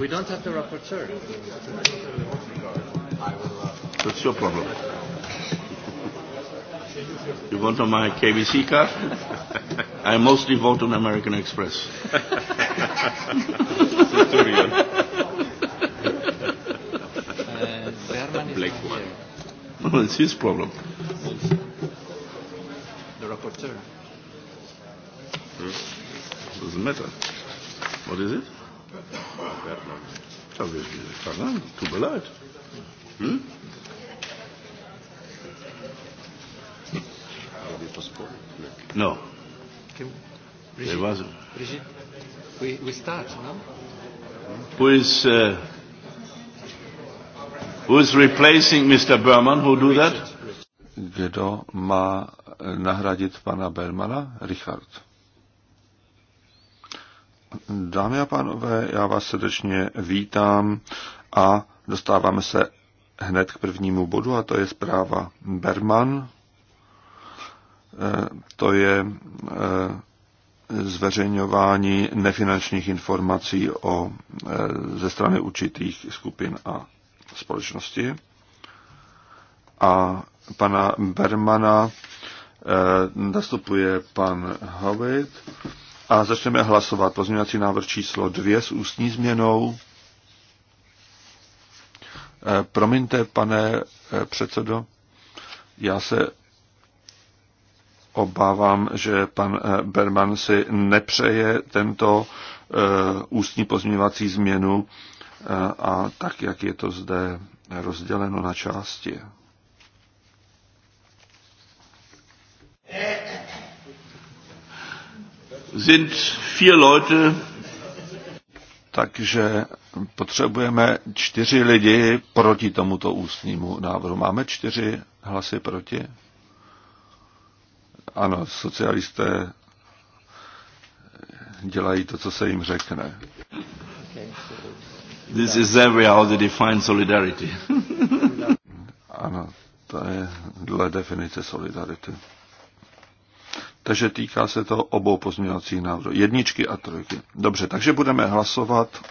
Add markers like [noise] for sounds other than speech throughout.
We don't have the rapporteur. That's your problem. You vote on my KBC card? I mostly vote on American Express. Black one. No, [laughs] it's his problem. The rapporteur. Hmm? Doesn't matter. What is it? verlangt. Tut mir leid. Hm? No. Brigitte, There was a... Brigitte, we, we start, no? Who is, uh, who is replacing Mr. Berman? Who do that? Kdo má nahradit pana Bermana? Richard. Dámy a pánové, já vás srdečně vítám a dostáváme se hned k prvnímu bodu a to je zpráva Berman. Eh, to je eh, zveřejňování nefinančních informací o, eh, ze strany určitých skupin a společnosti. A pana Bermana zastupuje pan Howitt a začneme hlasovat. Pozměňovací návrh číslo 2 s ústní změnou. Eh, promiňte, pane eh, předsedo, já se obávám, že pan eh, Berman si nepřeje tento ústní pozměňovací změnu a tak, jak je to zde rozděleno na části. sind vier Leute. Takže potřebujeme čtyři lidi proti tomuto ústnímu návrhu. Máme čtyři hlasy proti? Ano, socialisté dělají to, co se jim řekne. This is every how they define solidarity. ano, to je dle definice solidarity. Takže týká se to obou pozměňovacích návrhů. Jedničky a trojky. Dobře, takže budeme hlasovat.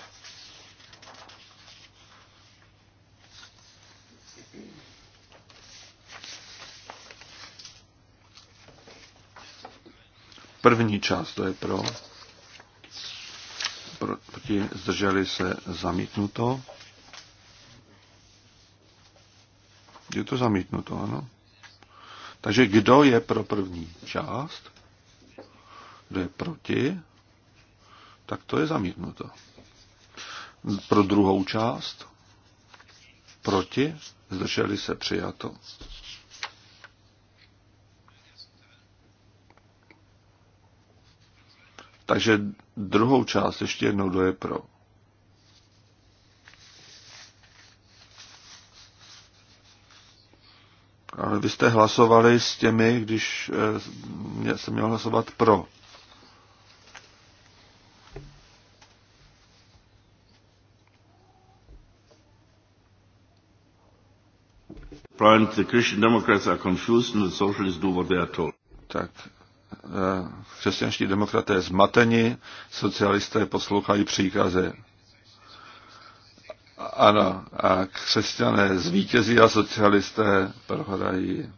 První část, to je pro. Proti zdrželi se zamítnuto. Je to zamítnuto, ano. Takže kdo je pro první část? Kdo je proti? Tak to je zamítnuto. Pro druhou část? Proti? Zdrželi se přijato. Takže druhou část ještě jednou, kdo je pro? Ale vy jste hlasovali s těmi, když eh, jsem měl hlasovat pro. the Christian Democrats are confused Tak eh, křesťanští demokraté zmateni, socialisté poslouchají příkazy. Ano, a křesťané zvítězí a socialisté prohrají.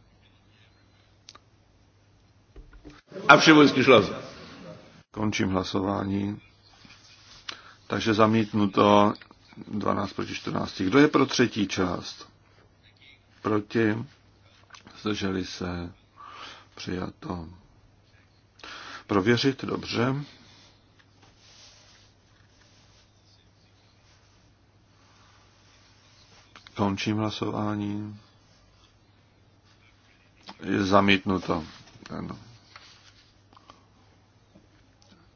A vševojenský šlo. Končím hlasování. Takže zamítnuto 12 proti 14. Kdo je pro třetí část? Proti? Zdrželi se? Přijato. Prověřit? Dobře. Končím hlasování. Je zamítnuto. Ano.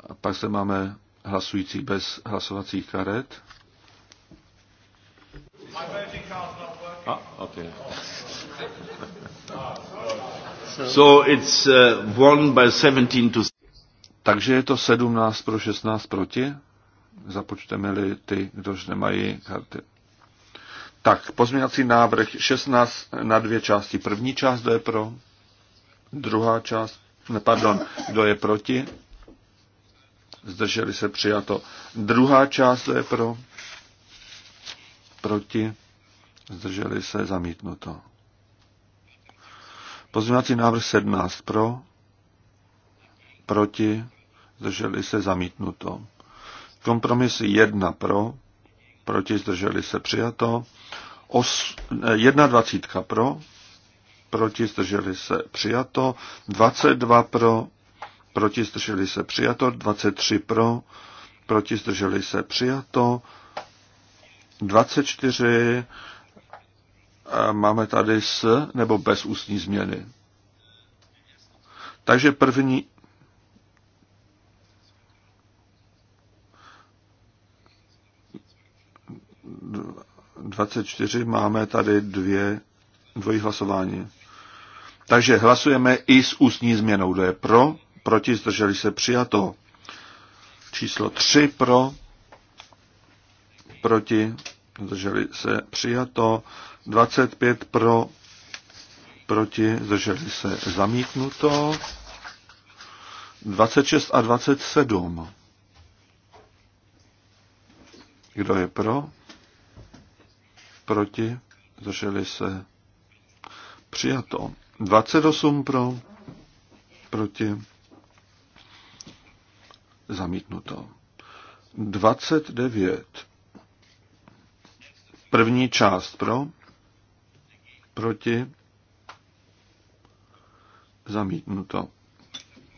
A pak se máme hlasující bez hlasovacích karet. Ah, okay. [laughs] so it's uh, one by 17 to... Takže je to 17 pro 16 proti. Započteme-li ty, kdož nemají karty. Tak, pozměňovací návrh 16 na dvě části. První část, kdo je pro? Druhá část, ne, pardon, kdo je proti? Zdrželi se přijato. Druhá část, kdo je pro? Proti? Zdrželi se zamítnuto. Pozměňovací návrh 17 pro? Proti? Zdrželi se zamítnuto. Kompromis 1 pro? proti, zdrželi se přijato. Os, 21 eh, pro, proti, zdrželi se přijato. 22 pro, proti, zdrželi se přijato. 23 pro, proti, zdrželi se přijato. 24 eh, máme tady s nebo bez ústní změny. Takže první 24 máme tady dvě, dvojí hlasování. Takže hlasujeme i s ústní změnou. Kdo je pro? Proti zdrželi se přijato. Číslo 3 pro. Proti zdrželi se přijato. 25 pro. Proti zdrželi se zamítnuto. 26 a 27. Kdo je pro? proti, zdrželi se, přijato. 28 pro, proti, zamítnuto. 29. První část pro, proti, zamítnuto.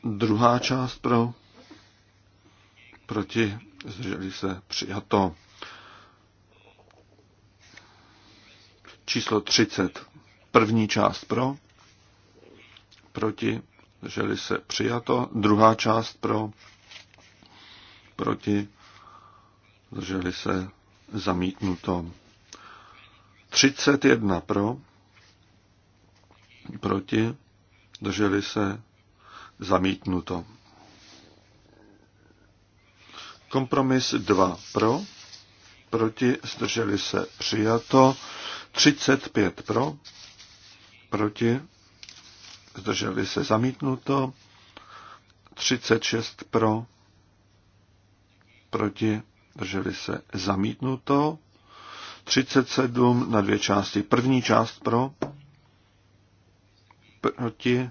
Druhá část pro, proti, zdrželi se, přijato. číslo 30. První část pro, proti, drželi se přijato. Druhá část pro, proti, drželi se zamítnuto. 31 pro, proti, drželi se zamítnuto. Kompromis 2 pro, proti, zdrželi se přijato, 35 pro, proti, zdrželi se zamítnuto, 36 pro, proti, zdrželi se zamítnuto, 37 na dvě části, první část pro, proti,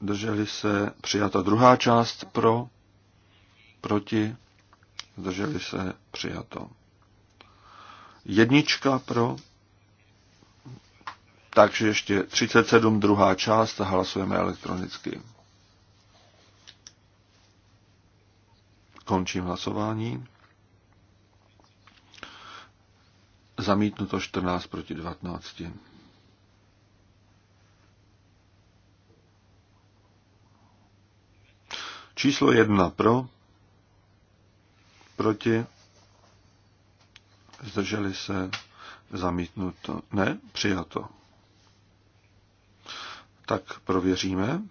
zdrželi se přijato. druhá část pro, proti, zdrželi se přijato. Jednička pro, takže ještě 37 druhá část a hlasujeme elektronicky. Končím hlasování. Zamítnuto 14 proti 19. Číslo 1 pro, proti, zdrželi se, zamítnuto. Ne, přijato. Tak prověříme.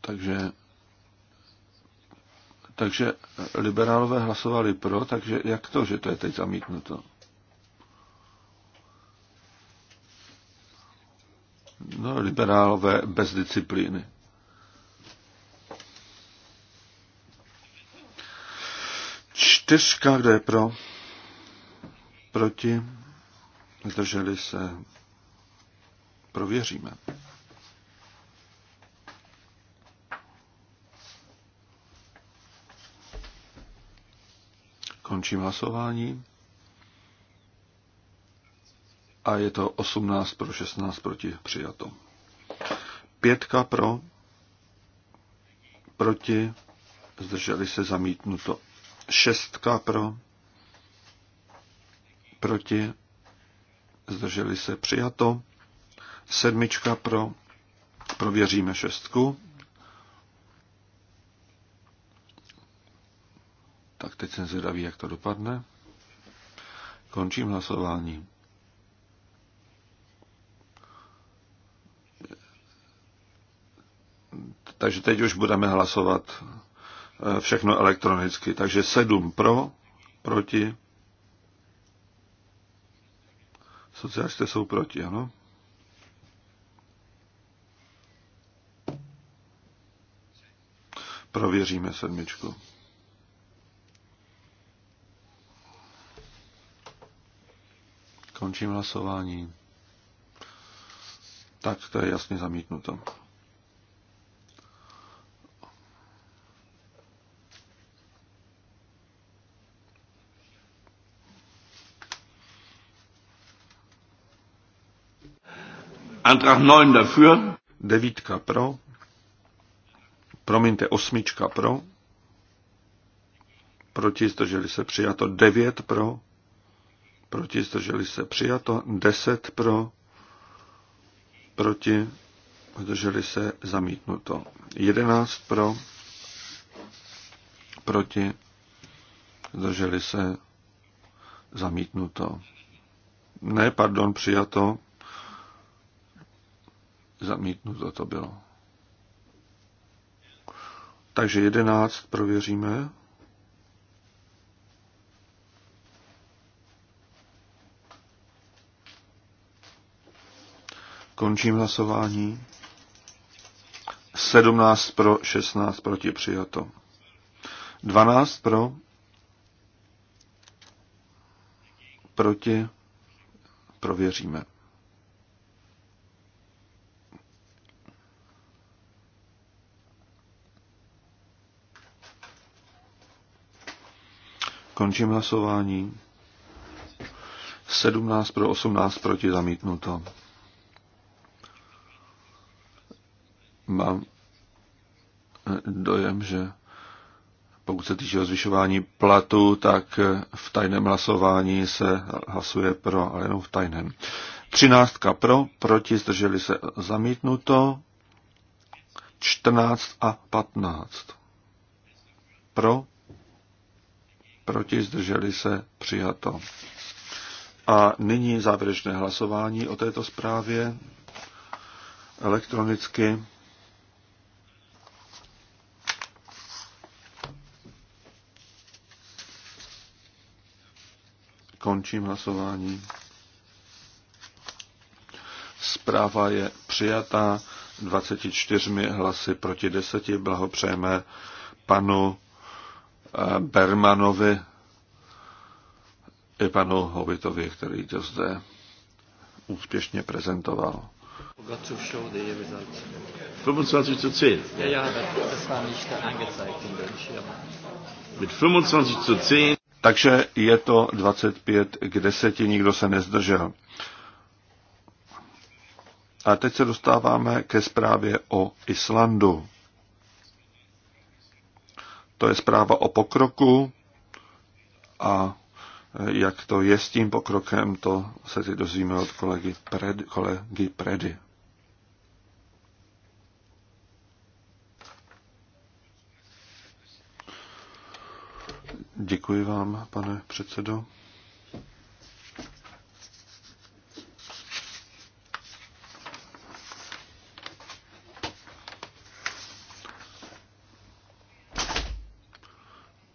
Takže, takže liberálové hlasovali pro, takže jak to, že to je teď zamítnuto? liberálové bez disciplíny. Čtyřka, kdo je pro? Proti? Zdrželi se? Prověříme. Končím hlasování. A je to 18 pro 16 proti přijato. Pětka pro, proti, zdrželi se zamítnuto. Šestka pro, proti, zdrželi se přijato. Sedmička pro, prověříme šestku. Tak teď jsem zvědavý, jak to dopadne. Končím hlasování. Takže teď už budeme hlasovat eh, všechno elektronicky. Takže 7 pro, proti. Socialisté jsou proti, ano. Prověříme sedmičku. Končím hlasování. Tak to je jasně zamítnuto. Antrag 9 dafür. Devítka pro. Promiňte, osmička pro. Proti zdrželi se přijato 9 pro. Proti zdrželi se přijato 10 pro. Proti zdrželi se zamítnuto 11 pro. Proti zdrželi se zamítnuto. Ne, pardon, přijato Zamítnuto to bylo. Takže jedenáct prověříme. Končím hlasování. 17 pro, 16 proti přijato. 12 pro, proti, prověříme. Končím hlasování. 17 pro 18 proti zamítnuto. Mám eh, dojem, že pokud se týče o zvyšování platu, tak eh, v tajném hlasování se hlasuje pro, ale jenom v tajném. 13 pro, proti zdrželi se zamítnuto, 14 a 15. Pro, proti, zdrželi se, přijato. A nyní závěrečné hlasování o této zprávě elektronicky. Končím hlasování. Zpráva je přijatá 24 hlasy proti 10. Blahopřejeme panu Bermanovi i panu Hovitovi, který to zde úspěšně prezentoval. Takže je to 25 k 10, nikdo se nezdržel. A teď se dostáváme ke zprávě o Islandu. To je zpráva o pokroku a jak to je s tím pokrokem, to se si dozvíme od kolegy, Pred, kolegy Predy. Děkuji vám, pane předsedo.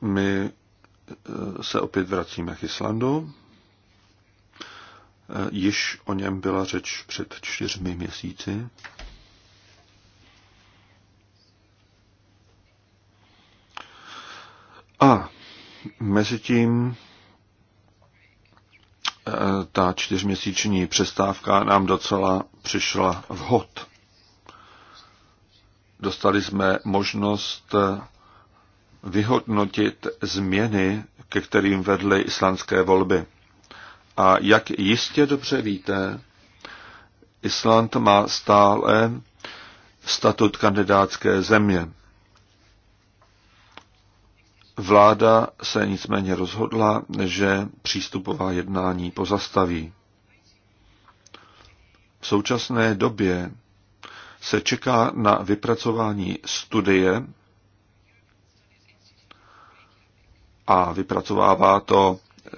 My e, se opět vracíme k Islandu. E, již o něm byla řeč před čtyřmi měsíci. A mezi tím e, ta čtyřměsíční přestávka nám docela přišla vhod. Dostali jsme možnost vyhodnotit změny, ke kterým vedly islandské volby. A jak jistě dobře víte, Island má stále statut kandidátské země. Vláda se nicméně rozhodla, že přístupová jednání pozastaví. V současné době se čeká na vypracování studie a vypracovává to e,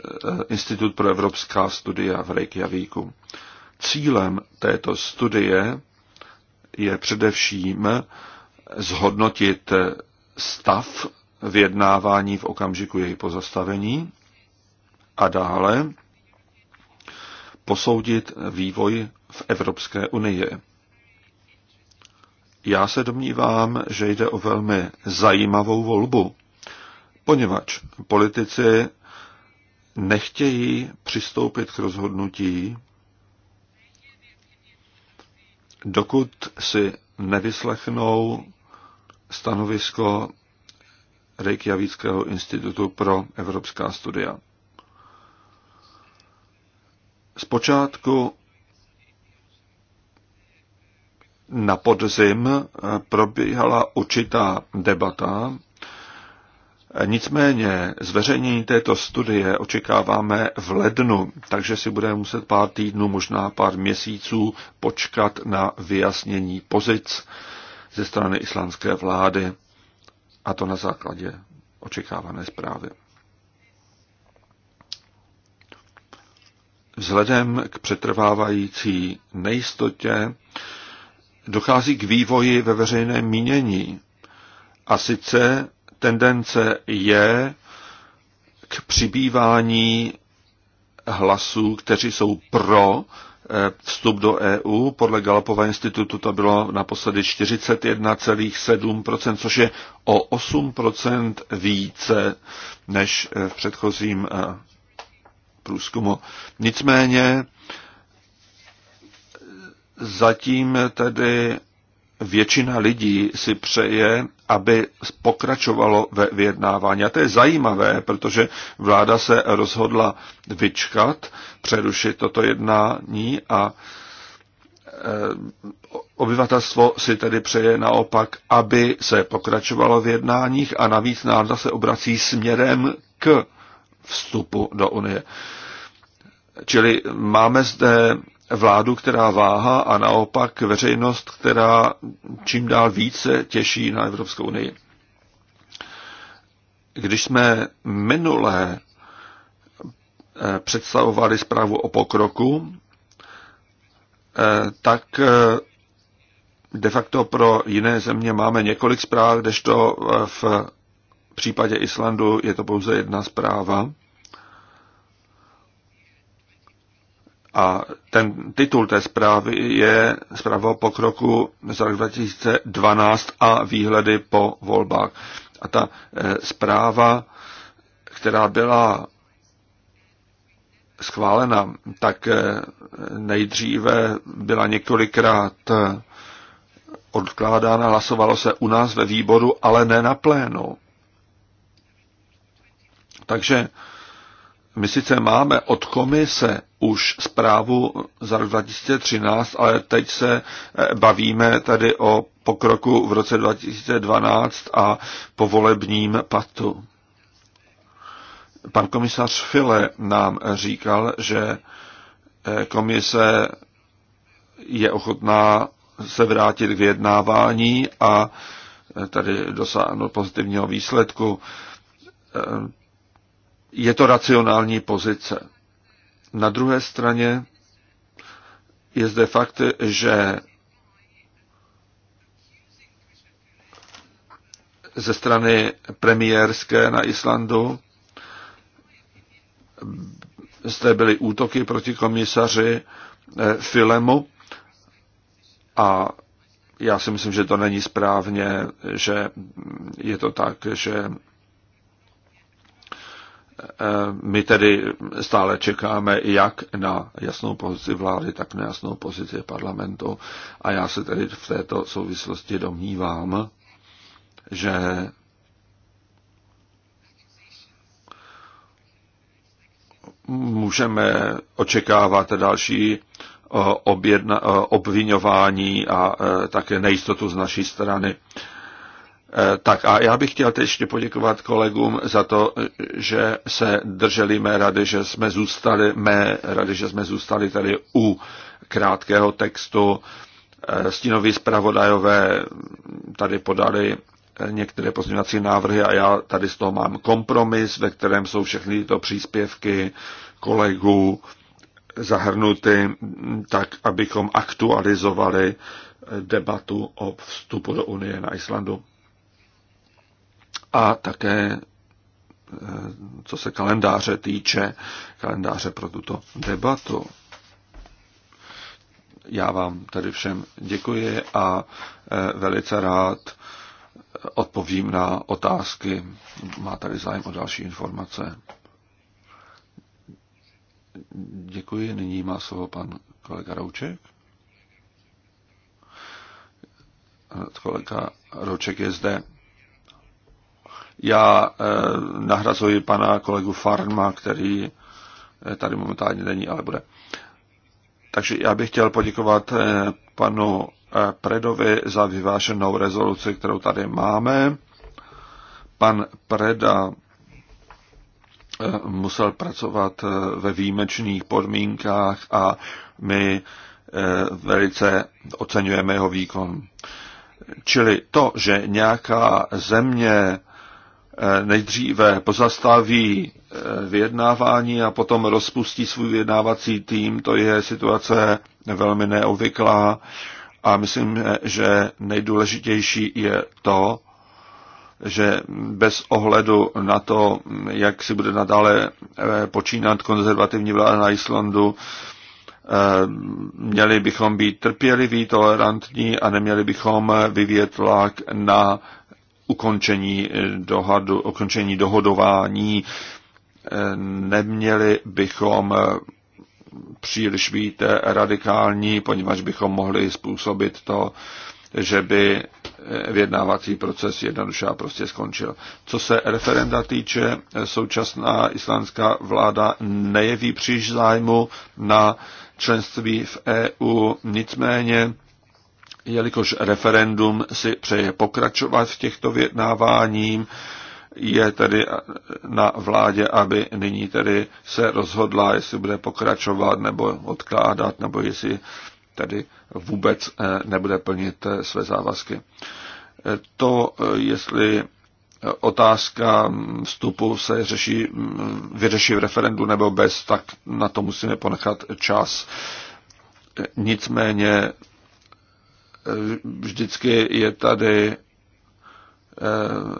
Institut pro evropská studia v Reykjavíku. Cílem této studie je především zhodnotit stav vyjednávání v okamžiku její pozastavení a dále posoudit vývoj v Evropské unii. Já se domnívám, že jde o velmi zajímavou volbu, poněvadž politici nechtějí přistoupit k rozhodnutí, dokud si nevyslechnou stanovisko Reykjavíckého institutu pro evropská studia. Zpočátku na podzim probíhala určitá debata Nicméně zveřejnění této studie očekáváme v lednu, takže si budeme muset pár týdnů, možná pár měsíců počkat na vyjasnění pozic ze strany islandské vlády a to na základě očekávané zprávy. Vzhledem k přetrvávající nejistotě dochází k vývoji ve veřejném mínění. A sice tendence je k přibývání hlasů, kteří jsou pro eh, vstup do EU. Podle Galapova institutu to bylo naposledy 41,7%, což je o 8% více než eh, v předchozím eh, průzkumu. Nicméně zatím tedy většina lidí si přeje, aby pokračovalo ve vyjednávání. A to je zajímavé, protože vláda se rozhodla vyčkat, přerušit toto jednání a eh, obyvatelstvo si tedy přeje naopak, aby se pokračovalo v jednáních a navíc nálada se obrací směrem k vstupu do Unie. Čili máme zde vládu, která váha a naopak veřejnost, která čím dál více těší na Evropskou unii. Když jsme minulé eh, představovali zprávu o pokroku, eh, tak eh, de facto pro jiné země máme několik zpráv, kdežto v případě Islandu je to pouze jedna zpráva. A ten titul té zprávy je zpráva o pokroku za rok 2012 a výhledy po volbách. A ta eh, zpráva, která byla schválena, tak eh, nejdříve byla několikrát eh, odkládána, hlasovalo se u nás ve výboru, ale ne na plénu. Takže my sice máme od komise už zprávu za rok 2013, ale teď se eh, bavíme tady o pokroku v roce 2012 a povolebním patu. Pan komisař File nám říkal, že eh, komise je ochotná se vrátit k vyjednávání a eh, tady dosáhnout pozitivního výsledku. Je to racionální pozice. Na druhé straně je zde fakt, že ze strany premiérské na Islandu zde byly útoky proti komisaři eh, Filemu a já si myslím, že to není správně, že je to tak, že Eh, my tedy stále čekáme jak na jasnou pozici vlády, tak na jasnou pozici parlamentu. A já se tedy v této souvislosti domnívám, že můžeme očekávat další eh, objedna, eh, obvinování a také nejistotu z naší strany. Eh, tak a já bych chtěl teď ještě poděkovat kolegům za to, že se drželi mé rady, že jsme zůstali, mé rady, že jsme zůstali tady u krátkého textu. Eh, stínoví zpravodajové tady podali některé pozměňovací návrhy a já tady z toho mám kompromis, ve kterém jsou všechny tyto příspěvky kolegů zahrnuty tak, abychom aktualizovali debatu o vstupu do Unie na Islandu a také eh, co se kalendáře týče, kalendáře pro tuto debatu. Já vám tedy všem děkuji a eh, velice rád eh, odpovím na otázky. Má tady zájem o další informace. Děkuji. Nyní má slovo pan kolega Rouček. Kolega Rouček je zde. Já eh, nahrazuji pana kolegu Farma, který eh, tady momentálně není, ale bude. Takže já bych chtěl poděkovat eh, panu Predovi za vyváženou rezoluci, kterou tady máme. Pan Preda musel pracovat ve výjimečných podmínkách a my velice oceňujeme jeho výkon. Čili to, že nějaká země Eh, nejdříve pozastaví eh, vyjednávání a potom rozpustí svůj vyjednávací tým. To je situace velmi neobvyklá a myslím, že nejdůležitější je to, že bez ohledu na to, jak si bude nadále eh, počínat konzervativní vláda na Islandu, měli bychom být trpěliví, tolerantní a neměli bychom vyvíjet tlak na ukončení, eh, dohadu, ukončení dohodování. Eh, neměli bychom eh, příliš být radikální, poněvadž bychom mohli způsobit to, že by vyjednávací proces jednoduše a prostě skončil. Co se referenda týče, současná islánská vláda nejeví příliš zájmu na členství v EU, nicméně jelikož referendum si přeje pokračovat v těchto vědnáváním, je tedy na vládě, aby nyní tedy se rozhodla, jestli bude pokračovat nebo odkládat, nebo jestli tedy vůbec eh, nebude plnit eh, své závazky. Eh, to, jestli otázka vstupu se řeší, mm, vyřeší v referendu nebo bez, tak na to musíme ponechat čas. Nicméně vždycky je tady eh,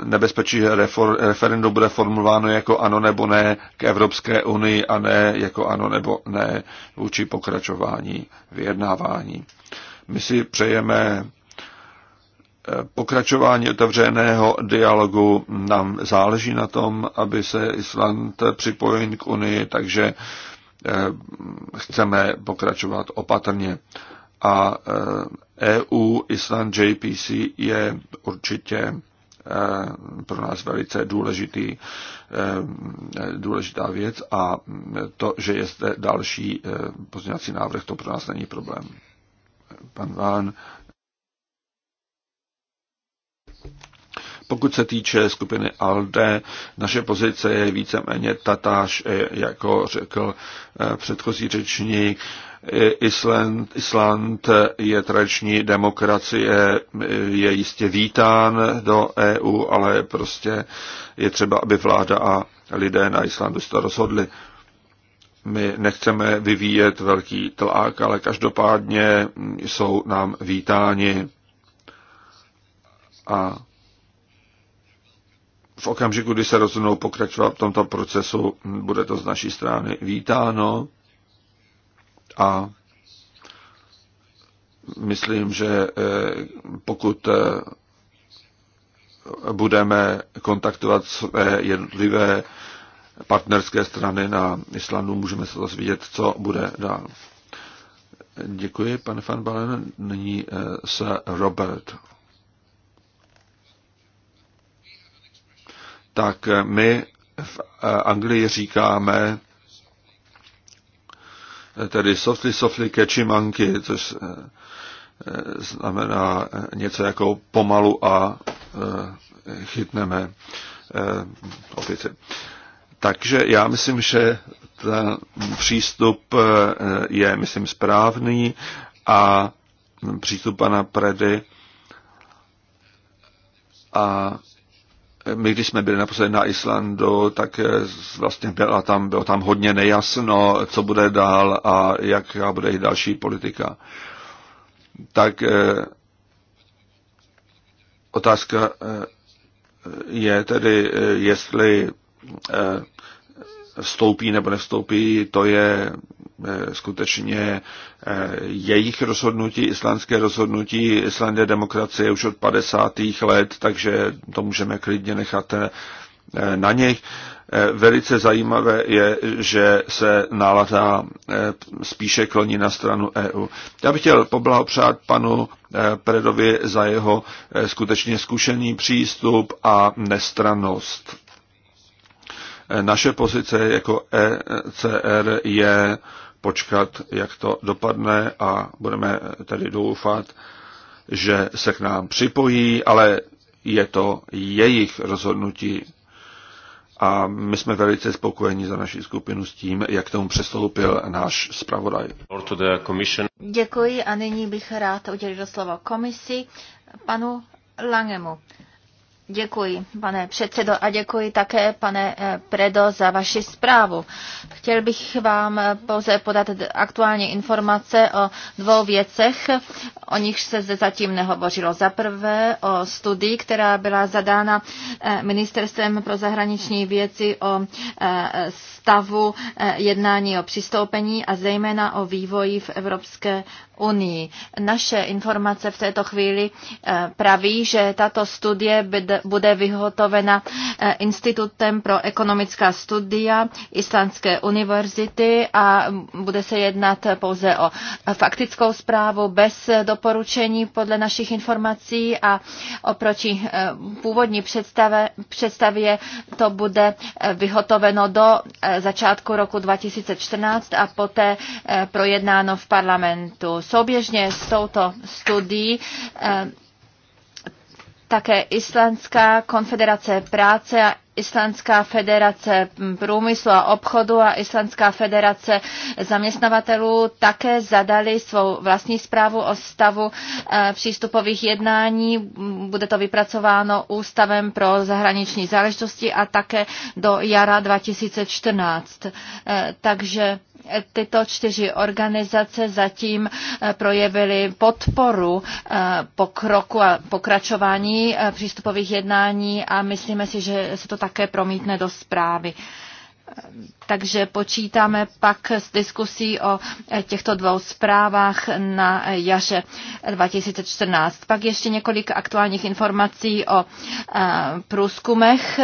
nebezpečí, že refor, referendum bude formulováno jako ano nebo ne k Evropské unii a ne jako ano nebo ne vůči pokračování vyjednávání. My si přejeme eh, pokračování otevřeného dialogu. Nám záleží na tom, aby se Island připojil k Unii, takže eh, chceme pokračovat opatrně a EU eh, e Island JPC je určitě eh, pro nás velice důležitý, eh, důležitá věc a to, že je zde další pozměňovací návrh, to pro nás není problém. Pan Ván. Pokud se týče skupiny ALDE, naše pozice je víceméně tatáž, jako řekl předchozí řečník. Island, Island je tradiční demokracie, je jistě vítán do EU, ale prostě je třeba, aby vláda a lidé na Islandu se to rozhodli. My nechceme vyvíjet velký tlak, ale každopádně jsou nám vítáni a v okamžiku, kdy se rozhodnou pokračovat v tomto procesu, bude to z naší strany vítáno. A myslím, že eh, pokud eh, budeme kontaktovat své jednotlivé partnerské strany na Islandu, můžeme se dozvědět, co bude dál. Děkuji, pane Van Balen. Nyní eh, se Robert. Tak my v Anglii říkáme tedy softly, softly, monkey, což eh, eh, znamená něco jako pomalu a eh, chytneme opice. Takže já myslím, že ten přístup je, myslím, správný a přístup pana Predy a my, když jsme byli naposledy na Islandu, tak eh, vlastně byla tam, bylo tam hodně nejasno, co bude dál a jaká bude i další politika. Tak eh, otázka eh, je tedy, jestli vstoupí nebo nevstoupí, to je eh, skutečně eh, jejich rozhodnutí, islandské rozhodnutí. Island je demokracie už od 50. let, takže to můžeme klidně nechat eh, na nich. Velice zajímavé je, že se nálada spíše kloní na stranu EU. Já bych chtěl poblahopřát panu Predovi za jeho skutečně zkušený přístup a nestranost. Eh, naše pozice jako ECR je počkat, jak to dopadne a budeme tedy doufat, že se k nám připojí, ale je to jejich rozhodnutí. A my jsme velice spokojeni za naši skupinu s tím, jak tomu přestoupil náš zpravodaj. Děkuji a nyní bych rád udělil slovo komisi panu Langemu. Děkuji, pane předsedo, a děkuji také, pane eh, Predo, za vaši zprávu. Chtěl bych vám eh, pouze podat aktuální informace o dvou věcech, o nichž se zde zatím nehovořilo. Za prvé o studii, která byla zadána eh, Ministerstvem pro zahraniční věci o stavu jednání o přistoupení a zejména o vývoji v Evropské unii. Naše informace v této chvíli eh, praví, že tato studie bude vyhotovena eh, Institutem pro ekonomická studia Islandské univerzity a bude se jednat pouze o faktickou zprávu bez doporučení podle našich informací a oproti eh, původní představě představě to bude vyhotoveno do začátku roku 2014 a poté projednáno v parlamentu souběžně s touto studií eh, také Islandská konfederace práce a Islandská federace průmyslu a obchodu a Islandská federace zaměstnavatelů také zadali svou vlastní zprávu o stavu eh, přístupových jednání. Bude to vypracováno Ústavem pro zahraniční záležitosti a také do jara 2014. Eh, takže tyto čtyři organizace zatím eh, projevily podporu eh, pokroku a pokračování eh, přístupových jednání a myslíme si, že se to také promítne do zprávy. Takže počítáme pak s diskusí o těchto dvou zprávách na jaře 2014. Pak ještě několik aktuálních informací o průzkumech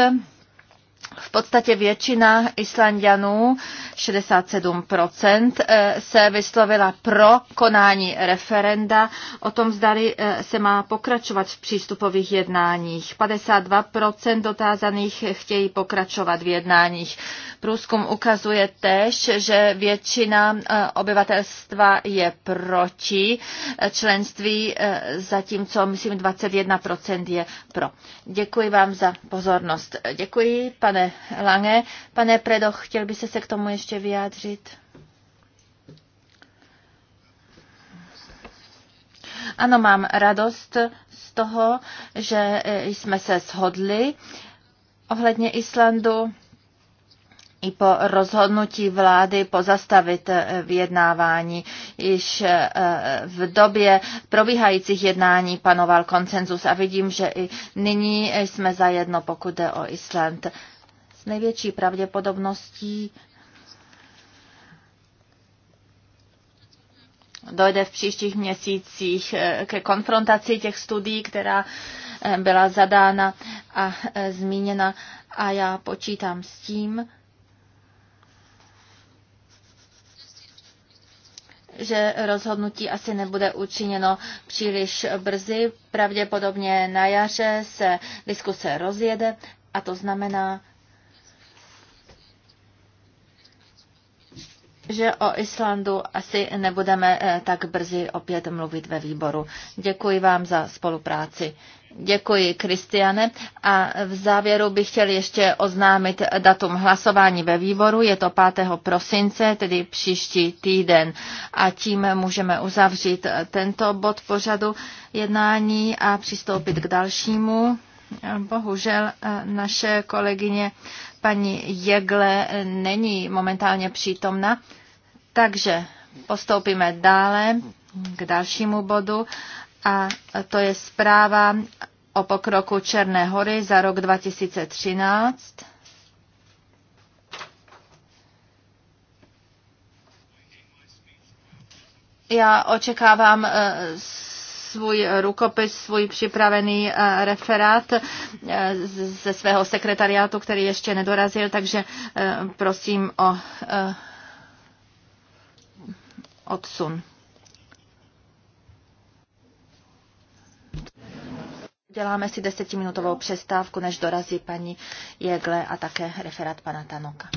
v podstatě většina Islandianů, 67%, eh, se vyslovila pro konání referenda o tom, zdali eh, se má pokračovat v přístupových jednáních. 52% dotázaných chtějí pokračovat v jednáních. Průzkum ukazuje tež, že většina eh, obyvatelstva je proti členství, zatímco myslím 21% je pro. Děkuji vám za pozornost. Děkuji, pane pane Lange. Pane Predo, chtěl byste se k tomu ještě vyjádřit? Ano, mám radost z toho, že jsme se shodli ohledně Islandu i po rozhodnutí vlády pozastavit vyjednávání. Již eh, v době probíhajících jednání panoval koncenzus a vidím, že i nyní jsme zajedno, pokud jde o Island s největší pravděpodobností dojde v příštích měsících eh, ke konfrontaci těch studií, která eh, byla zadána a eh, zmíněna a já počítám s tím, že rozhodnutí asi nebude učiněno příliš brzy. Pravděpodobně na jaře se diskuse rozjede a to znamená, že o Islandu asi nebudeme eh, tak brzy opět mluvit ve výboru. Děkuji vám za spolupráci. Děkuji, Kristiane. A v závěru bych chtěl ještě oznámit datum hlasování ve výboru. Je to 5. prosince, tedy příští týden. A tím můžeme uzavřít tento bod pořadu jednání a přistoupit k dalšímu. Bohužel eh, naše kolegyně paní Jegle není momentálně přítomna. Takže postoupíme dále k dalšímu bodu a to je zpráva o pokroku Černé hory za rok 2013. Já očekávám eh, svůj rukopis, svůj připravený eh, referát eh, ze svého sekretariátu, který ještě nedorazil, takže prosím o odsun. Děláme si desetiminutovou přestávku, než dorazí paní Jegle a také referát pana Tanoka.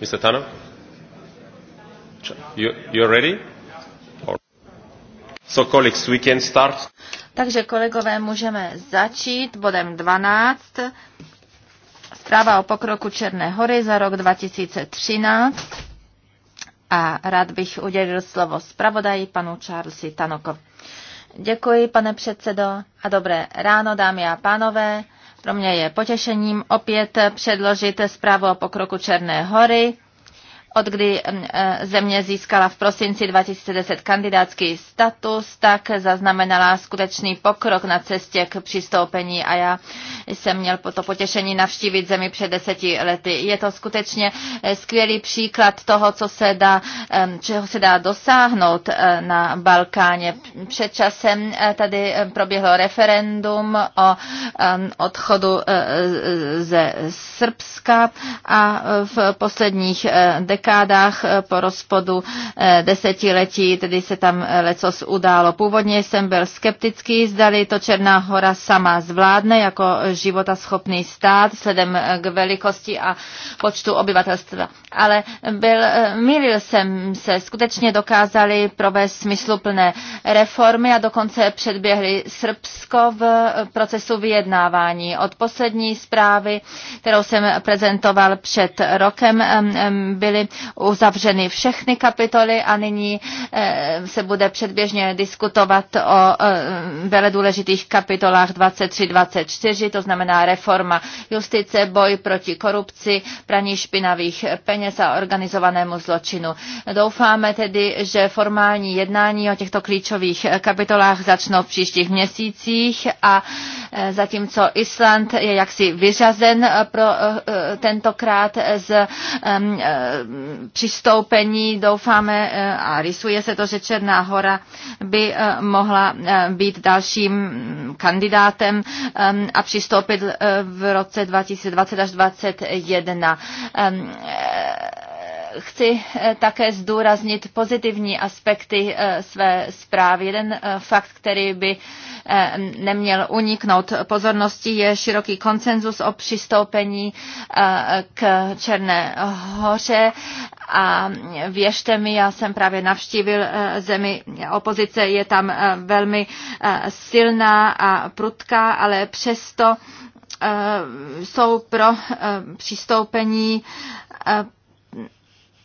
Mr. Tano? You, you're ready? So colleagues, we can start. Takže kolegové, můžeme začít bodem 12. Zpráva o pokroku Černé hory za rok 2013. A rád bych udělil slovo zpravodaji panu Charlesi Tanokovi. Děkuji, pane předsedo, a dobré ráno, dámy a pánové. Pro mě je potěšením opět předložit zprávu o pokroku Černé hory od kdy mm, e, země získala v prosinci 2010 kandidátský status, tak zaznamenala skutečný pokrok na cestě k přistoupení a já jsem měl po to potěšení navštívit zemi před deseti lety. Je to skutečně eh, skvělý příklad toho, co se dá, čeho se dá dosáhnout eh, na Balkáně. Před časem eh, tady proběhlo referendum o odchodu ze Srbska a v posledních dekádách po rozpadu desetiletí tedy se tam leco letos událo. Původně jsem byl skeptický, zdali to Černá hora sama zvládne jako životaschopný stát, sledem k velikosti a počtu obyvatelstva. Ale byl, milil jsem se, skutečně dokázali provést smysluplné reformy a dokonce předběhli Srbsko v procesu vyjednávání. Od poslední zprávy, kterou jsem prezentoval před rokem, byly uzavřeny všechny kapitoly a nyní eh, se bude předběhnout průběžně diskutovat o e, vele důležitých kapitolách 23-24, to znamená reforma justice, boj proti korupci, praní špinavých peněz a organizovanému zločinu. Doufáme tedy, že formální jednání o těchto klíčových kapitolách začnou v příštích měsících a e, zatímco Island je jaksi vyřazen pro e, tentokrát z přistoupení, doufáme a rysuje se to, že Černá hora by eh, mohla eh, být dalším kandidátem eh, a přistoupit v roce 2020 až 2021 Chci eh, také zdůraznit pozitivní aspekty eh, své zprávy. Jeden eh, fakt, který by neměl uniknout pozornosti, je široký konsenzus o přistoupení k Černé hoře. A věřte mi, já jsem právě navštívil zemi opozice, je tam velmi silná a prudká, ale přesto jsou pro přistoupení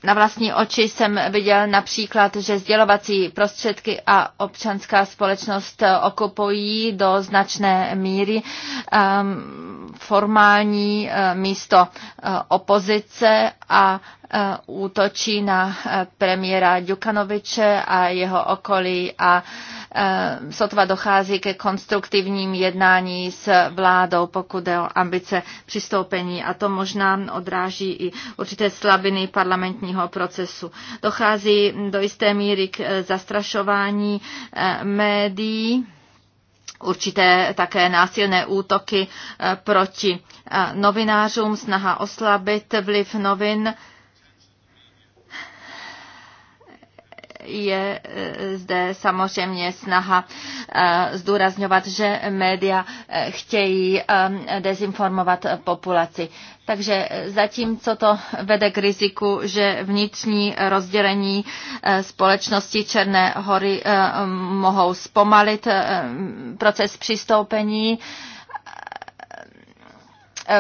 na vlastní oči jsem viděl například, že sdělovací prostředky a občanská společnost okupují do značné míry um, formální uh, místo uh, opozice a Eh, útočí na eh, premiéra Djukanoviče a jeho okolí a eh, sotva dochází ke konstruktivním jednání s vládou, pokud jde o ambice přistoupení a to možná odráží i určité slabiny parlamentního procesu. Dochází do jisté míry k zastrašování médií, určité také násilné útoky proti novinářům, snaha oslabit vliv novin, je e, zde samozřejmě snaha e, zdůrazňovat, že média e, chtějí dezinformovat populaci. Takže zatímco to vede k riziku, že vnitřní rozdělení společnosti Černé hory mohou zpomalit proces přistoupení,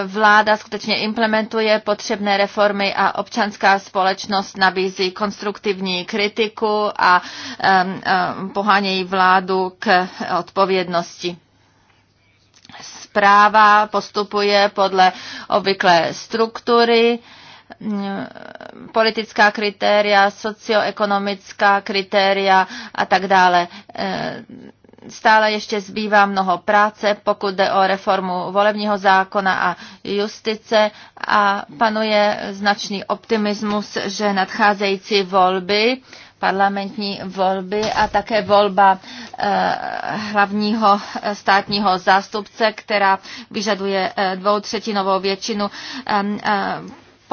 vláda skutečně implementuje potřebné reformy a občanská společnost nabízí konstruktivní kritiku a pohánějí vládu k odpovědnosti zpráva postupuje podle obvyklé struktury, mm, politická kritéria, socioekonomická kritéria a tak dále stále ještě zbývá mnoho práce, pokud jde o reformu volebního zákona a justice a panuje značný optimismus, že nadcházející volby parlamentní volby a také volba eh, hlavního eh, státního zástupce, která vyžaduje eh, dvoutřetinovou většinu,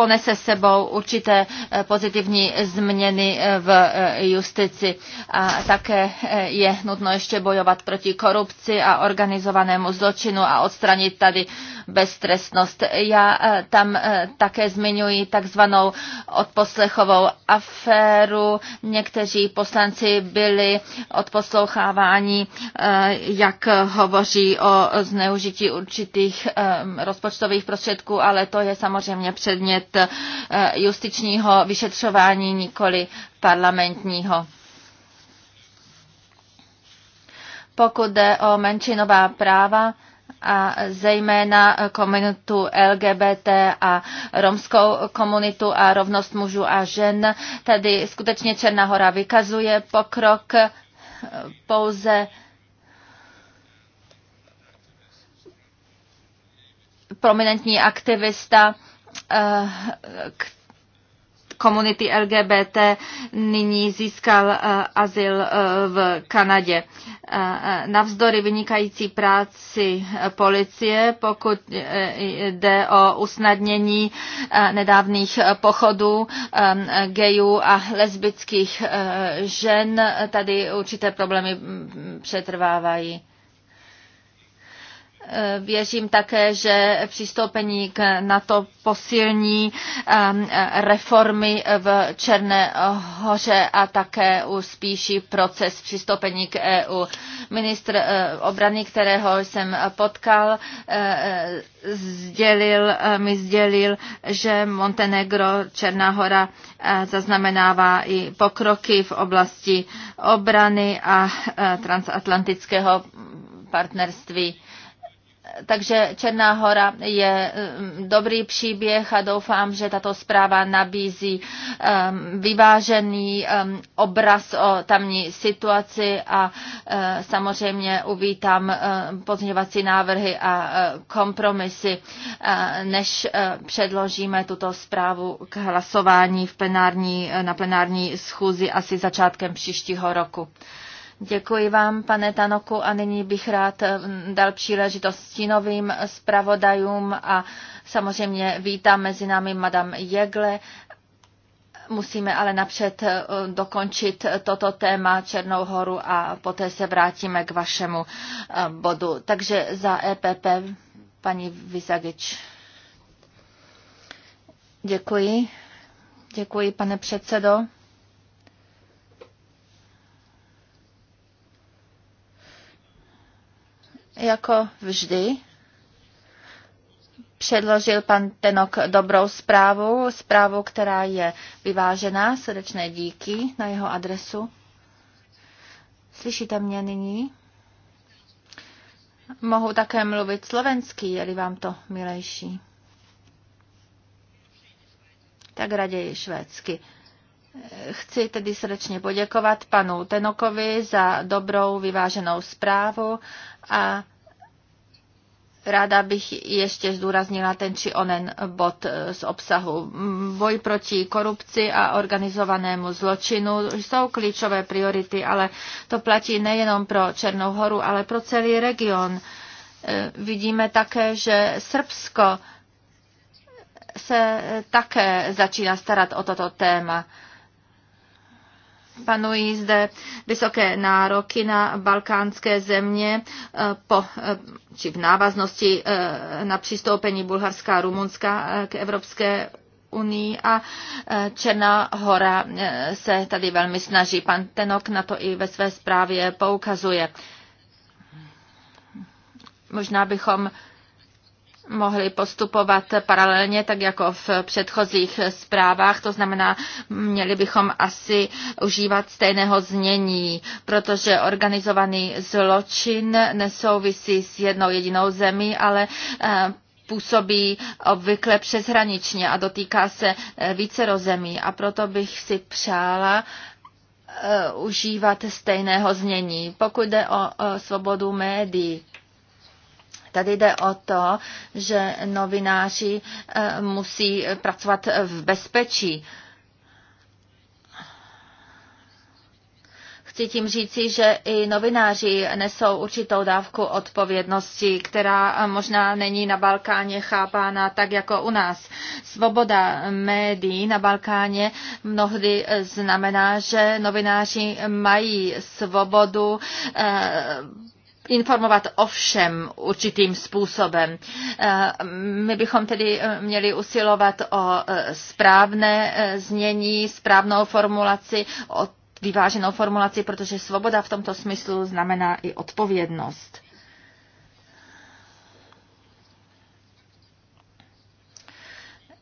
ponese sebou určité eh, pozitivní změny eh, v eh, justici. A také je nutno ještě bojovat proti korupci a organizovanému zločinu a odstranit tady beztrestnost. Já eh, tam eh, také zmiňuji takzvanou odposlechovou aféru. Někteří poslanci byli odposloucháváni, eh, jak hovoří o zneužití určitých rozpočtových prostředků, ale to je samozřejmě předmět justičního vyšetřování, nikoli parlamentního. Pokud jde o menšinová práva, a zejména komunitu LGBT a romskou komunitu a rovnost mužů a žen. Tady skutečně Černá hora vykazuje pokrok eh, pouze prominentní aktivista, eh, komunity LGBT nyní získal eh, azyl eh, v Kanadě. Eh, navzdory vynikající práci policie, pokud jde o usnadnění nedávných pochodů gejů a lesbických žen, tady určité problémy mm, přetrvávají. Eh, věřím také, že přistoupení k NATO posilní ehm, eh, reformy v Černé hoře a také uspíší proces přistoupení k EU. Ministr eh, obrany, kterého jsem potkal, sdělil, mi sdělil, že Montenegro, Černá hora zaznamenává i pokroky v oblasti obrany a transatlantického partnerství takže Černá hora je mm, dobrý příběh a doufám, že tato zpráva nabízí mm, vyvážený mm, obraz o tamní situaci a samozřejmě uvítám pozměňovací návrhy a kompromisy, než předložíme tuto zprávu k hlasování v plenární, na plenární schůzi asi začátkem příštího roku. Děkuji vám, pane Tanoku, a nyní bych rád eh, dal příležitost stínovým zpravodajům a samozřejmě vítám mezi námi madam Jegle. Musíme ale napřed eh, dokončit toto téma Černou horu a poté se vrátíme k vašemu eh, bodu. Takže za EPP paní Vizagič. Děkuji. Děkuji, pane předsedo. Jako vždy předložil pan Tenok dobrou zprávu, zprávu, která je vyvážená. Srdečné díky na jeho adresu. Slyšíte mě nyní? Mohu také mluvit slovenský, je vám to milejší. Tak raději švédsky. Chci tedy srdečně poděkovat panu Tenokovi za dobrou vyváženou zprávu a Ráda bych ještě zdůraznila ten či onen bod eh, z obsahu. Boj proti korupci a organizovanému zločinu jsou klíčové priority, ale to platí nejenom pro Černou horu, ale pro celý region. Eh, vidíme také, že Srbsko se také začíná starat o toto téma. Panují zde vysoké nároky na balkánské země eh, po, eh, či v návaznosti eh, na přistoupení Bulharska a Rumunska k Evropské unii a Černá hora se tady velmi snaží. Pan Tenok na to i ve své zprávě poukazuje. Možná bychom mohli postupovat paralelně, tak jako v předchozích zprávách, to znamená, měli bychom asi užívat stejného znění, protože organizovaný zločin nesouvisí s jednou jedinou zemí, ale eh, působí obvykle přeshraničně a dotýká se eh, více rozemí. A proto bych si přála, eh, užívat stejného znění. Pokud jde o, svobodu médií, Tady jde o to, že novináři eh, musí pracovat v bezpečí. Chci tím říci, že i novináři nesou určitou dávku odpovědnosti, která eh, možná není na Balkáně chápána tak jako u nás. Svoboda médií na Balkáně mnohdy eh, znamená, že novináři mají svobodu informovat o všem určitým způsobem. Eh, my bychom tedy eh, měli usilovat o eh, správné znění, správnou formulaci, o vyváženou formulaci, protože svoboda v tomto smyslu znamená i odpovědnost.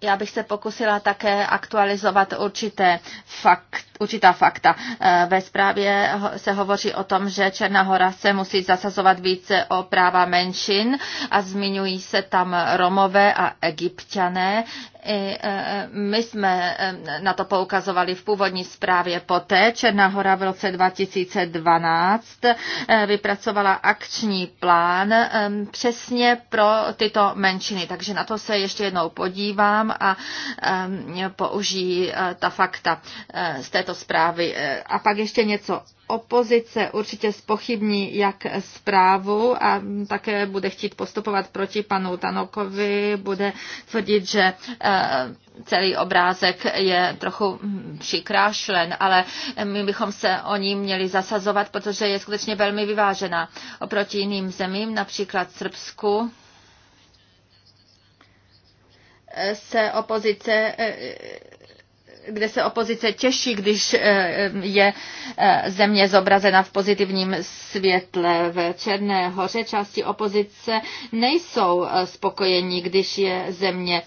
Já bych se pokusila také aktualizovat určité fakt, určitá fakta. Eh, ve zprávě se hovoří o tom, že Černá hora se musí zasazovat více o práva menšin a zmiňují se tam Romové a Egyptiané. I e, e, my jsme e, na to poukazovali v původní zprávě poté. Černá hora v roce 2012 vypracovala akční plán přesně pro tyto menšiny. Takže na to se ještě jednou podívám a použijí ta fakta z této zprávy. A pak ještě něco opozice určitě spochybní jak zprávu a také bude chtít postupovat proti panu Tanokovi, bude tvrdit, že eh, celý obrázek je trochu hm, přikrášlen, ale eh, my bychom se o ní měli zasazovat, protože je skutečně velmi vyvážená oproti jiným zemím, například Srbsku eh, se opozice kde se opozice těší, když eh, je eh, země zobrazena v pozitivním světle. V Černé hoře části opozice nejsou eh, spokojení, když je země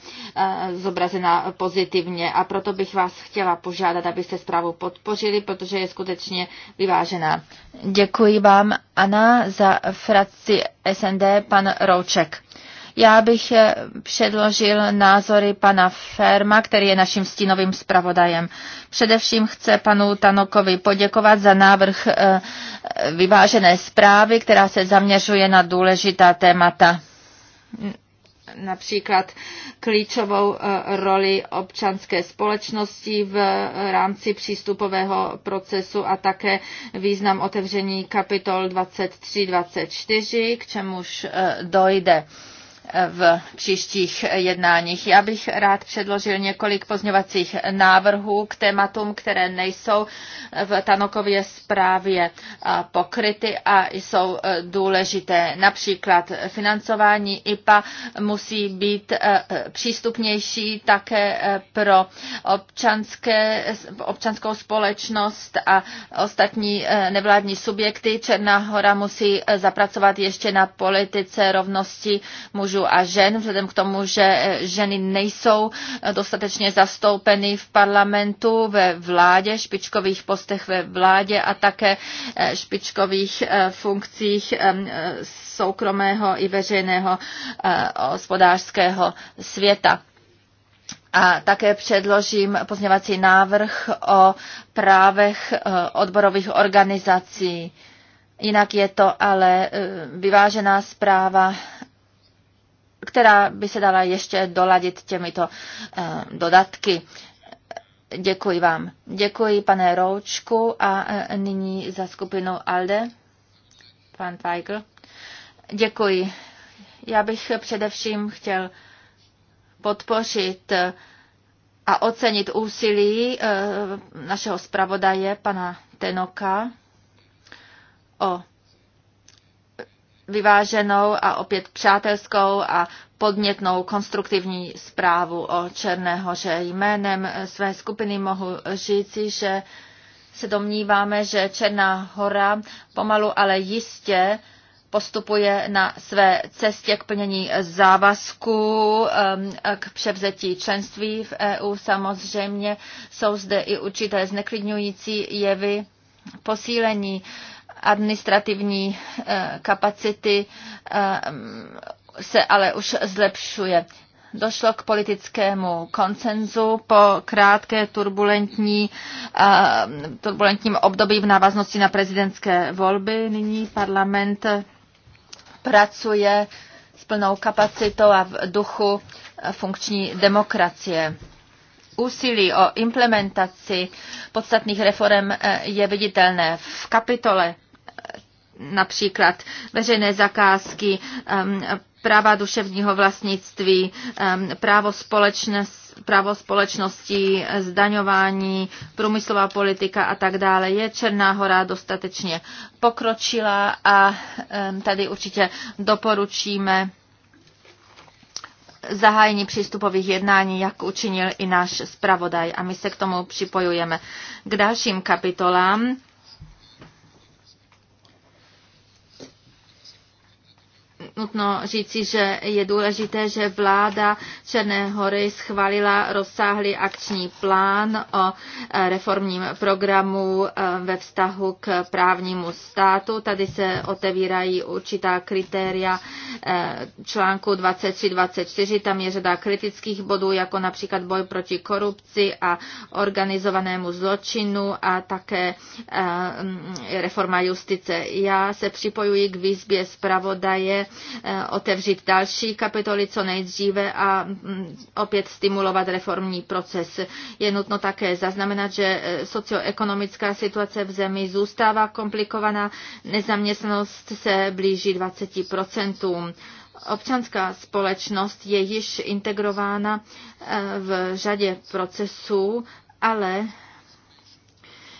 zobrazena pozitivně. A proto bych vás chtěla požádat, abyste zprávu podpořili, protože je skutečně vyvážená. Děkuji vám, Ana, za frakci SND, pan Rouček. Já bych eh, předložil názory pana Ferma, který je naším stínovým zpravodajem. Především chce panu Tanokovi poděkovat za návrh eh, vyvážené zprávy, která se zaměřuje na důležitá témata například klíčovou eh, roli občanské společnosti v rámci přístupového procesu a také význam otevření kapitol 23-24, k čemuž dojde v příštích jednáních. Já bych rád předložil několik pozňovacích návrhů k tématům, které nejsou v Tanokově zprávě pokryty a jsou e, důležité. Například financování IPA musí být e, e, přístupnější také pro občanské, občanskou společnost a ostatní nevládní subjekty. Černá hora musí zapracovat ještě na politice rovnosti mužů mužů a žen, vzhledem k tomu, že eh, ženy nejsou eh, dostatečně zastoupeny v parlamentu, ve vládě, špičkových postech ve vládě a také eh, špičkových funkcích soukromého i veřejného hospodářského světa. A také předložím pozněvací návrh o právech odborových organizací. Jinak je to ale vyvážená zpráva která by se dala ještě doladit těmito eh, dodatky. Děkuji vám. Děkuji, pane Roučku, a eh, nyní za skupinu ALDE, pan Feigl. Děkuji. Já bych především chtěl podpořit eh, a ocenit úsilí našeho zpravodaje, pana Tenoka, o vyváženou a opět přátelskou a podnětnou konstruktivní zprávu o Černé hoře. Jménem své skupiny mohu říci, že se domníváme, že Černá hora pomalu, ale jistě postupuje na své cestě k plnění závazků, k převzetí členství v EU. Samozřejmě jsou zde i určité zneklidňující jevy posílení administrativní eh, kapacity eh, se ale už zlepšuje. Došlo k politickému koncenzu po krátké turbulentní, eh, turbulentním období v návaznosti na prezidentské volby. Nyní parlament pracuje s plnou kapacitou a v duchu funkční demokracie. Úsilí o implementaci podstatných reform je viditelné v kapitole například veřejné zakázky, um, práva duševního vlastnictví, um, právo, společnost, právo společnosti, zdaňování, průmyslová politika a tak dále. Je Černá hora dostatečně pokročila a um, tady určitě doporučíme zahájení přístupových jednání, jak učinil i náš zpravodaj. A my se k tomu připojujeme. K dalším kapitolám nutno říci, že je důležité, že vláda Černé hory schválila rozsáhlý akční plán o e, reformním programu e, ve vztahu k právnímu státu. Tady se otevírají určitá kritéria Eh, článku 23-24. Tam je řada kritických bodů, jako například boj proti korupci a organizovanému zločinu a také eh, reforma justice. Já se připojuji k výzvě zpravodaje eh, otevřít další kapitoly co nejdříve a mm, opět stimulovat reformní proces. Je nutno také zaznamenat, že socioekonomická situace v zemi zůstává komplikovaná, nezaměstnanost se blíží 20%. procentům. Občanská společnost je již integrována eh, v řadě procesů, ale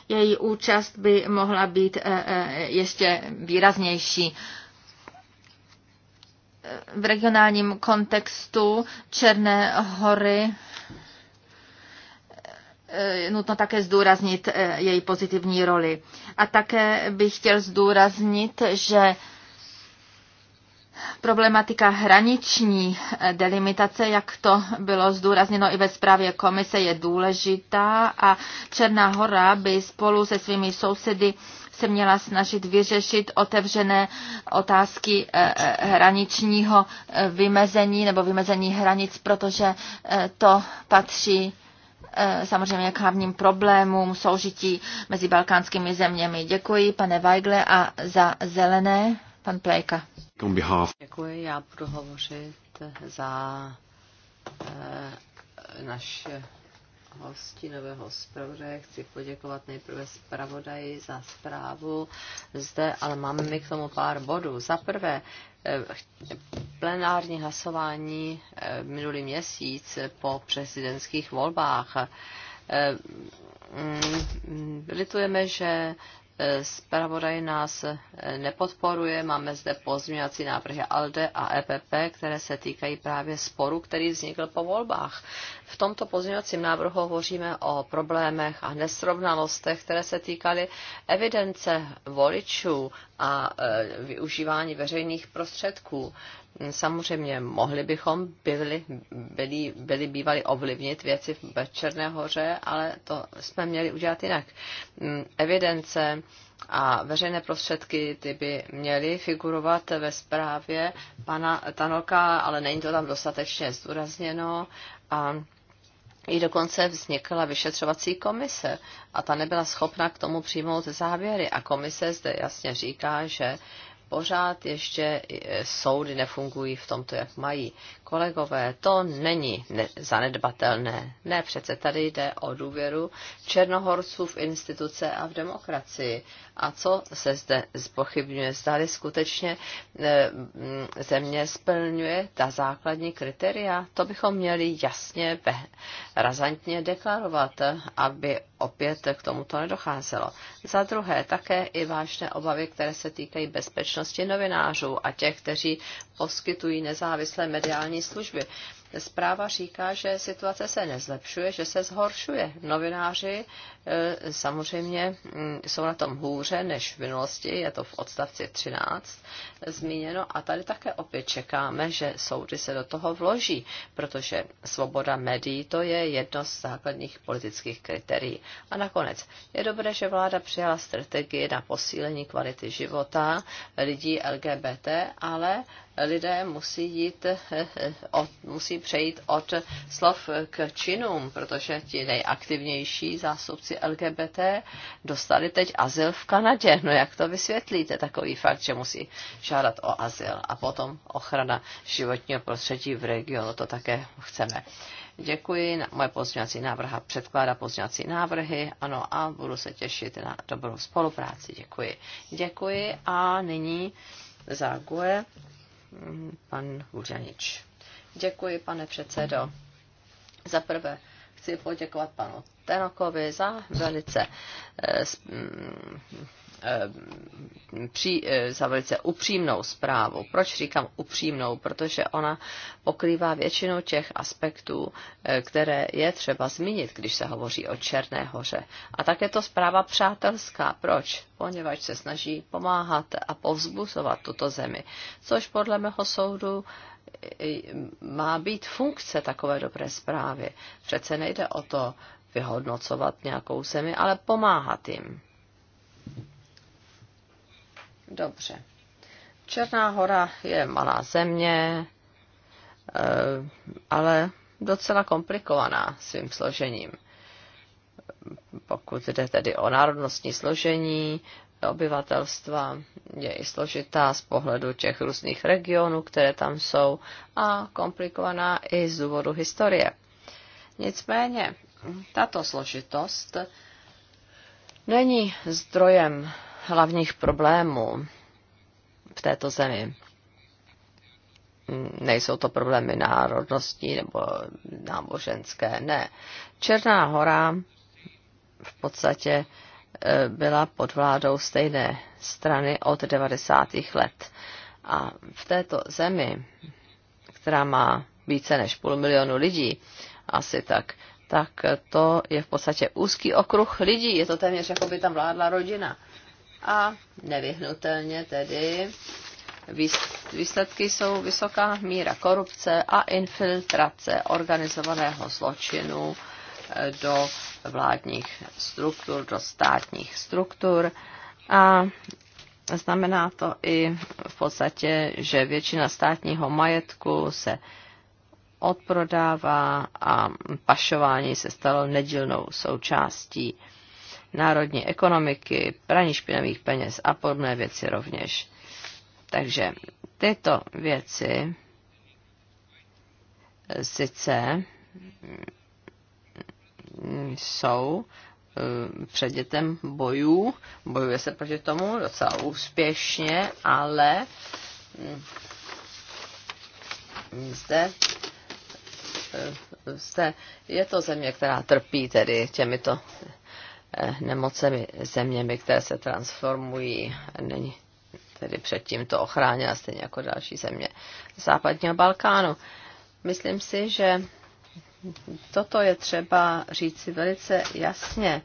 její účast by mohla být eh, eh, ještě výraznější v regionálním kontextu Černé hory nutno také zdůraznit její pozitivní roli. A také bych chtěl zdůraznit, že Problematika hraniční eh, delimitace, jak to bylo zdůrazněno i ve zprávě komise, je důležitá a Černá hora by spolu se svými sousedy se měla snažit vyřešit otevřené otázky eh, eh, hraničního vymezení nebo vymezení hranic, protože to patří samozřejmě k hlavním problémům soužití mezi balkánskými zeměmi. Děkuji, pane Weigle, a za zelené. Pan Plejka. Děkuji, já budu hovořit za e, naše hosti nového zpravodaje. Chci poděkovat nejprve zpravodaji za zprávu zde, ale máme mi k tomu pár bodů. Za prvé, eh, plenární hlasování eh, minulý měsíc po prezidentských volbách. Mm, litujeme, že Spravodaj nás eh, nepodporuje, máme zde pozměňovací návrhy ALDE a EPP, které se týkají právě sporu, který vznikl po volbách. V tomto pozměňovacím návrhu hovoříme o problémech a nesrovnalostech, které se týkaly evidence voličů a eh, využívání veřejných prostředků. Samozřejmě mohli bychom byli, byli, byli bývali ovlivnit věci v Černé hoře, ale to jsme měli udělat jinak. Mm, evidence a veřejné prostředky ty by měly figurovat ve zprávě pana Tanoka, ale není to tam dostatečně zdůrazněno. A i dokonce vznikla vyšetřovací komise a ta nebyla schopna k tomu přijmout závěry. A komise zde jasně říká, že pořád ještě e, soudy nefungují v tomto, jak mají kolegové, to není ne- zanedbatelné. Ne, přece tady jde o důvěru Černohorců v instituce a v demokracii. A co se zde zpochybňuje? Zdali skutečně e, země splňuje ta základní kritéria? To bychom měli jasně, razantně deklarovat, aby opět k tomuto nedocházelo. Za druhé, také i vážné obavy, které se týkají bezpečnosti novinářů a těch, kteří poskytují nezávislé mediální služby. Zpráva říká, že situace se nezlepšuje, že se zhoršuje. Novináři e, samozřejmě mm, jsou na tom hůře než v minulosti, je to v odstavci 13 zmíněno a tady také opět čekáme, že soudy se do toho vloží, protože svoboda médií to je jedno z základních politických kritérií. A nakonec je dobré, že vláda přijala strategii na posílení kvality života lidí LGBT, ale lidé musí, jít, eh, eh, od, musí přejít od slov k činům, protože ti nejaktivnější zástupci LGBT dostali teď azyl v Kanadě. No jak to vysvětlíte, takový fakt, že musí žádat o azyl a potom ochrana životního prostředí v regionu, to také chceme. Děkuji, moje pozměňovací návrha předkládá pozměňovací návrhy, ano, a budu se těšit na dobrou spolupráci. Děkuji. Děkuji a nyní Zágue pan Uřanič. Děkuji, pane předsedo. Za prvé chci poděkovat panu Tenokovi za velice eh, Eh, při, eh, za velice upřímnou zprávu. Proč říkám upřímnou? Protože ona pokrývá většinu těch aspektů, eh, které je třeba zmínit, když se hovoří o Černé hoře. A tak je to zpráva přátelská. Proč? Poněvadž se snaží pomáhat a povzbuzovat tuto zemi, což podle mého soudu má být funkce takové dobré zprávy. Přece nejde o to vyhodnocovat nějakou zemi, ale pomáhat jim. Dobře. Černá hora je malá země, eh, ale docela komplikovaná svým složením. Pokud jde tedy o národnostní složení obyvatelstva, je i složitá z pohledu těch různých regionů, které tam jsou, a komplikovaná i z důvodu historie. Nicméně, tato složitost není zdrojem hlavních problémů v této zemi. Nejsou to problémy národnosti nebo náboženské, ne. Černá hora v podstatě e, byla pod vládou stejné strany od 90. let. A v této zemi, která má více než půl milionu lidí, asi tak, tak to je v podstatě úzký okruh lidí. Je to téměř, jako by tam vládla rodina a nevyhnutelně tedy výsledky jsou vysoká míra korupce a infiltrace organizovaného zločinu eh, do vládních struktur, do státních struktur a znamená to i v podstatě, že většina státního majetku se odprodává a pašování se stalo nedílnou součástí národní ekonomiky, praní špinavých peněz a podobné věci rovněž. Takže tyto věci sice jsou eh, předmětem bojů, bojuje se proti tomu docela úspěšně, ale hm, zde, eh, zde je to země, která trpí tedy těmito nemocemi zeměmi, které se transformují. Není tedy předtím to ochránila, stejně jako další země západního Balkánu. Myslím si, že toto je třeba říct si velice jasně.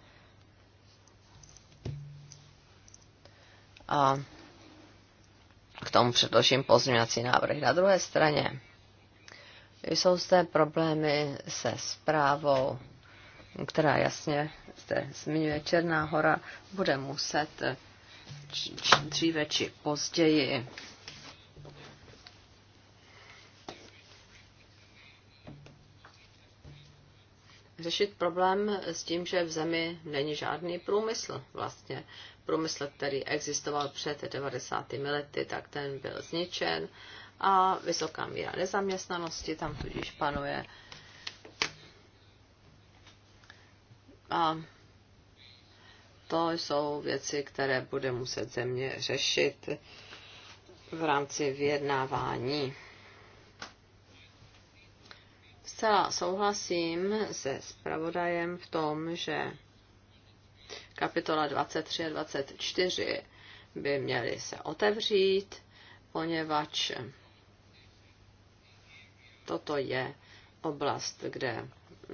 A k tomu předložím pozměňovací návrh. Na druhé straně jsou zde problémy se zprávou která jasně zde zmiňuje Černá hora, bude muset eh, dříve či později řešit problém s tím, že v zemi není žádný průmysl vlastně. Průmysl, který existoval před 90. lety, tak ten byl zničen a vysoká míra nezaměstnanosti tam tudíž panuje. A to jsou věci, které bude muset země řešit v rámci vyjednávání. Zcela souhlasím se zpravodajem v tom, že kapitola 23 a 24 by měly se otevřít, poněvadž toto je oblast, kde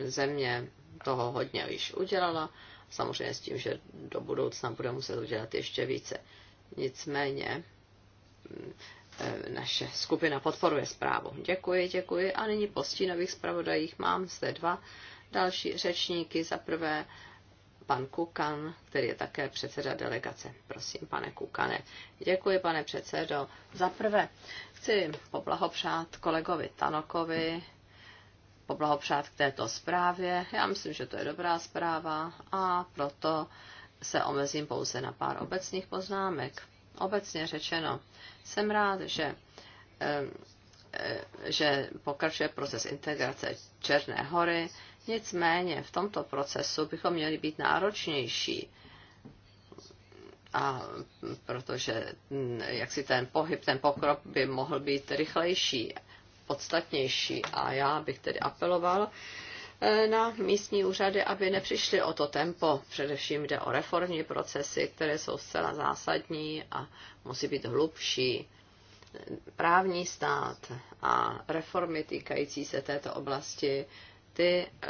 země toho hodně již udělala, samozřejmě s tím, že do budoucna bude muset udělat ještě více. Nicméně mm, e, naše skupina podporuje zprávu. Děkuji, děkuji. A nyní po stínových zpravodajích mám zde dva další řečníky. Za prvé pan Kukan, který je také předseda delegace. Prosím, pane Kukane. Děkuji, pane předsedo. Za prvé chci poblahopřát kolegovi Tanokovi poblahopřát k této zprávě. Já myslím, že to je dobrá zpráva a proto se omezím pouze na pár obecných poznámek. Obecně řečeno, jsem rád, že, e, že pokračuje proces integrace Černé hory, nicméně v tomto procesu bychom měli být náročnější a protože mm, jak si ten pohyb, ten pokrok by mohl být rychlejší podstatnější. A já bych tedy apeloval eh, na místní úřady, aby nepřišli o to tempo. Především jde o reformní procesy, které jsou zcela zásadní a musí být hlubší. Právní stát a reformy týkající se této oblasti ty eh,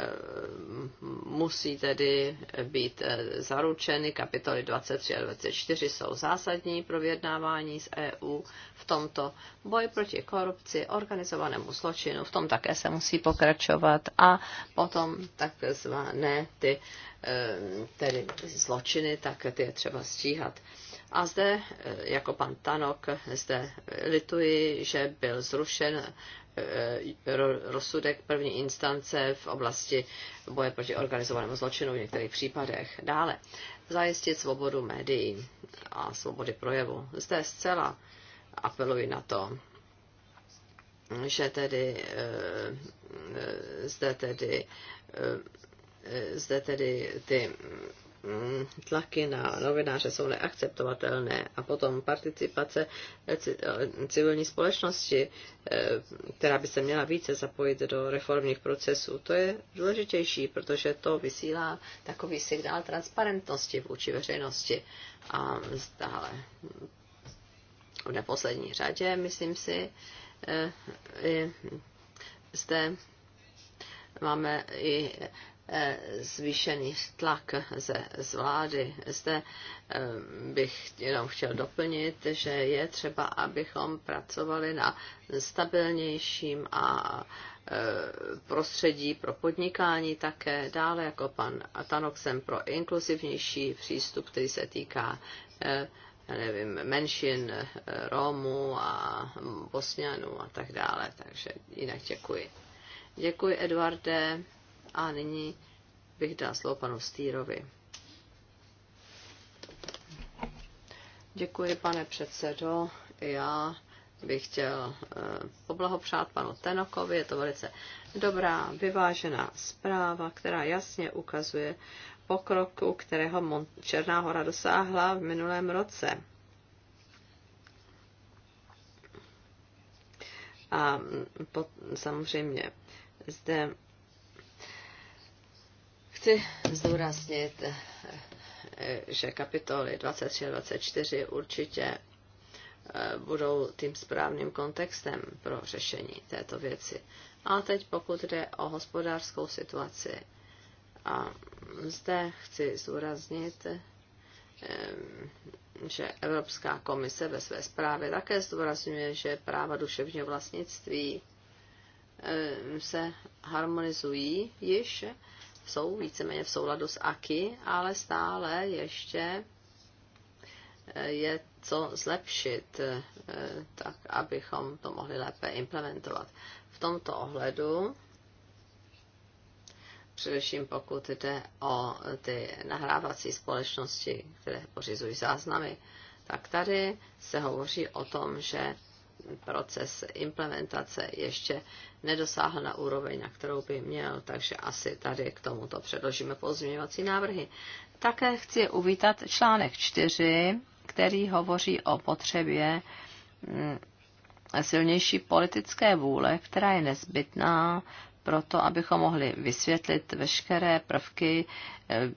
musí tedy být eh, zaručeny. Kapitoly 23 a 24 jsou zásadní pro vyjednávání s EU v tomto boji proti korupci, organizovanému zločinu, v tom také se musí pokračovat a potom takzvané ty eh, tedy zločiny, tak ty je třeba stíhat. A zde, jako pan Tanok, zde lituji, že byl zrušen Eh, rozsudek první instance v oblasti boje proti organizovanému zločinu v některých případech. Dále, zajistit svobodu médií a svobody projevu. Zde zcela apeluji na to, že tedy eh, eh, zde tedy zde tedy ty tlaky na novináře jsou neakceptovatelné a potom participace civilní společnosti, eh, která by se měla více zapojit do reformních procesů, to je důležitější, protože to vysílá takový signál transparentnosti vůči veřejnosti a stále. V neposlední řadě, myslím si, eh, zde máme i Eh, zvýšený tlak ze, z vlády. Zde eh, bych jenom chtěl doplnit, že je třeba, abychom pracovali na stabilnějším a eh, prostředí pro podnikání také, dále jako pan Tanok jsem pro inkluzivnější přístup, který se týká nevím, menšin Romů a Bosňanů a tak dále. Takže jinak děkuji. Děkuji, Eduarde. A nyní bych dala slovo panu Stýrovi. Děkuji, pane předsedo. Já bych chtěl eh, poblahopřát panu Tenokovi. Je to velice dobrá, vyvážená zpráva, která jasně ukazuje pokroku, kterého Černá hora dosáhla v minulém roce. A samozřejmě zde Chci zdůraznit, že kapitoly 23 a 24 určitě eh, budou tím správným kontextem pro řešení této věci. A teď pokud jde o hospodářskou situaci, a zde chci zdůraznit, eh, že Evropská komise ve své zprávě také zdůrazňuje, že práva duševního vlastnictví eh, se harmonizují již jsou víceméně v souladu s Aky, ale stále ještě eh, je co zlepšit, eh, tak abychom to mohli lépe implementovat. V tomto ohledu, především pokud jde o ty nahrávací společnosti, které pořizují záznamy, tak tady se hovoří o tom, že proces implementace ještě nedosáhl na úroveň, na kterou by měl, takže asi tady k tomuto předložíme pozměňovací návrhy. Také chci uvítat článek 4, který hovoří o potřebě mm, silnější politické vůle, která je nezbytná proto, abychom mohli vysvětlit veškeré prvky eh,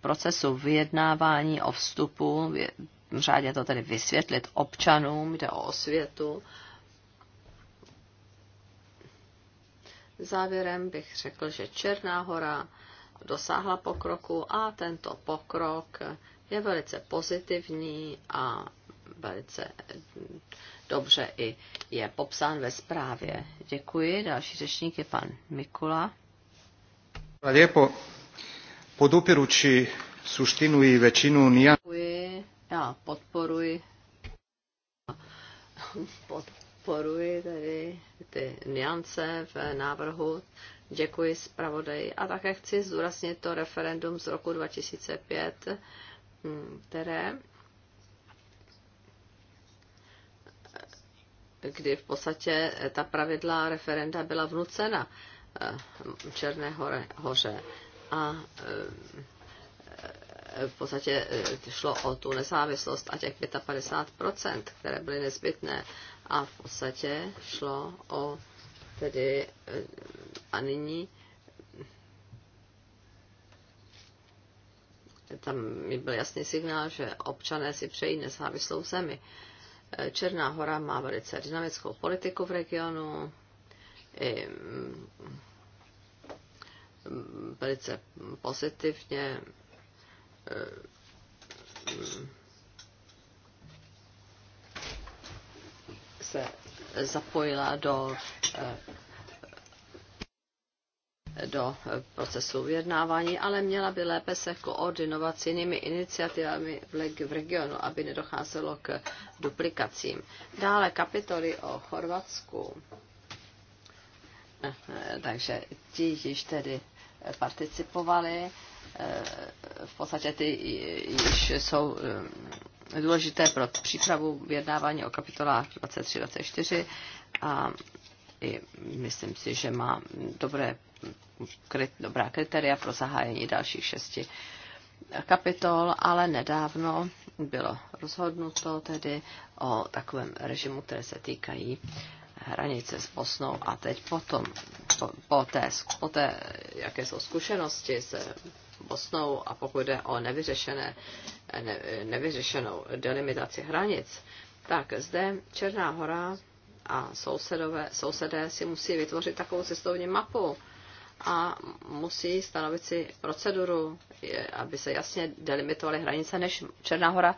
procesu vyjednávání o vstupu řádně to tedy vysvětlit občanům, jde o osvětu. Závěrem bych řekl, že Černá hora dosáhla pokroku a tento pokrok je velice pozitivní a velice dobře i je popsán ve zprávě. Děkuji. Další řečník je pan Mikula. Děkuji. lijepo. suštinu i nijak. Děkuji. Já podporuji podporuji tedy ty niance v návrhu. Děkuji zpravodaji. A také chci zdůraznit to referendum z roku 2005, které kdy v podstatě ta pravidla referenda byla vnucena eh, Černé hoře. A eh, v podstatě eh, šlo o tu nezávislost a těch 55%, které byly nezbytné. A v podstatě šlo o tedy eh, a nyní tam mi byl jasný signál, že občané si přejí nezávislou zemi. Eh, Černá hora má velice dynamickou politiku v regionu, i mm, mm, velice pozitivně se zapojila do eh, do procesu vyjednávání, ale měla by lépe se koordinovat s jinými iniciativami v regionu, aby nedocházelo k duplikacím. Dále kapitoly o Chorvatsku. Eh, eh, takže ti již tedy participovali Eh, v podstatě ty již jsou eh, důležité pro přípravu vyjednávání o kapitolách 23-24 a i myslím si, že má dobré, dobrá kritéria pro zahájení dalších šesti kapitol, ale nedávno bylo rozhodnuto tedy o takovém režimu, které se týkají hranice s Bosnou a teď potom, po, po, té, po té, jaké jsou zkušenosti s Bosnou a pokud jde o nevyřešené, ne, nevyřešenou delimitaci hranic, tak zde Černá hora a sousedové, sousedé si musí vytvořit takovou cestovní mapu, a musí stanovit si proceduru, aby se jasně delimitovaly hranice, než Černá hora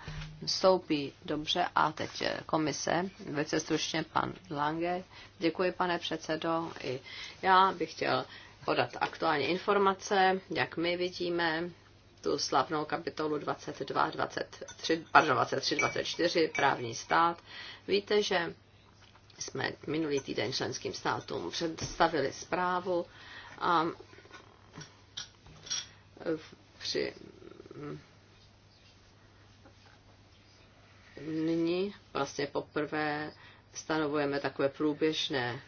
vstoupí. Dobře, a teď eh, komise, velice stručně pan Lange. Děkuji, pane předsedo. I já bych chtěl podat aktuální informace, jak my vidíme tu slavnou kapitolu 22, 23, pardon, 23, 24, právní stát. Víte, že jsme minulý týden členským státům představili zprávu, a při nyní vlastně poprvé stanovujeme takové průběžné,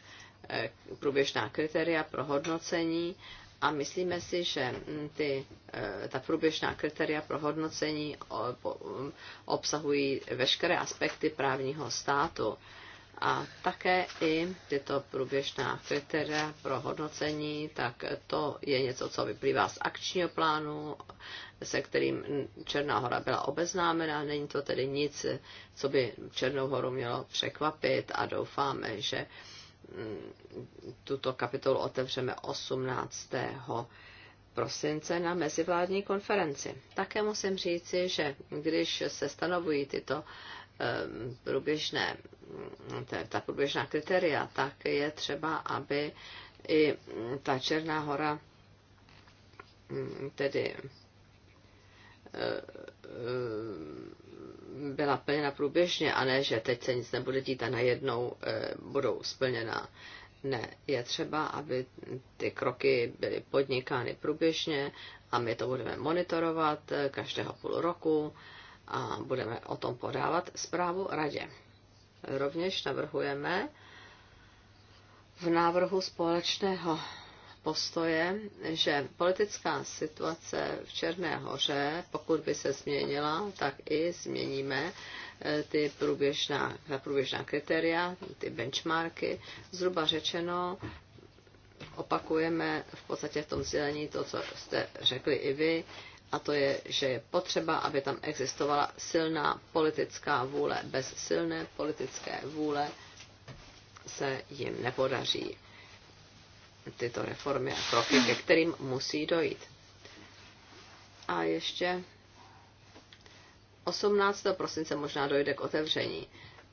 eh, průběžná kritéria pro hodnocení a myslíme si, že mm, ty, eh, ta průběžná kritéria pro hodnocení obsahují veškeré aspekty právního státu a také i tyto průběžná kritéria pro hodnocení, tak to je něco, co vyplývá z akčního plánu, se kterým Černá hora byla obeznámena. Není to tedy nic, co by Černou horu mělo překvapit a doufáme, že mm, tuto kapitolu otevřeme 18. prosince na mezivládní konferenci. Také musím říci, že když se stanovují tyto uh, Eh, průběžné, ta průběžná kritéria, tak je třeba, aby i ta Černá hora mm, tedy eh, byla plněna průběžně a ne, že teď se nic nebude dít a najednou eh, budou splněna. Ne, je třeba, aby ty kroky byly podnikány průběžně a my to budeme monitorovat každého půl roku a budeme o tom podávat zprávu radě. Rovněž navrhujeme v návrhu společného postoje, že politická situace v Černé hoře, pokud by se změnila, tak i změníme eh, ty průběžná, ta průběžná kritéria, ty benchmarky. Zhruba řečeno, opakujeme v podstatě v tom sdělení to, co jste řekli i vy, a to je, že je potřeba, aby tam existovala silná politická vůle. Bez silné politické vůle se jim nepodaří tyto reformy a kroky, ke kterým musí dojít. A ještě 18. prosince možná dojde k otevření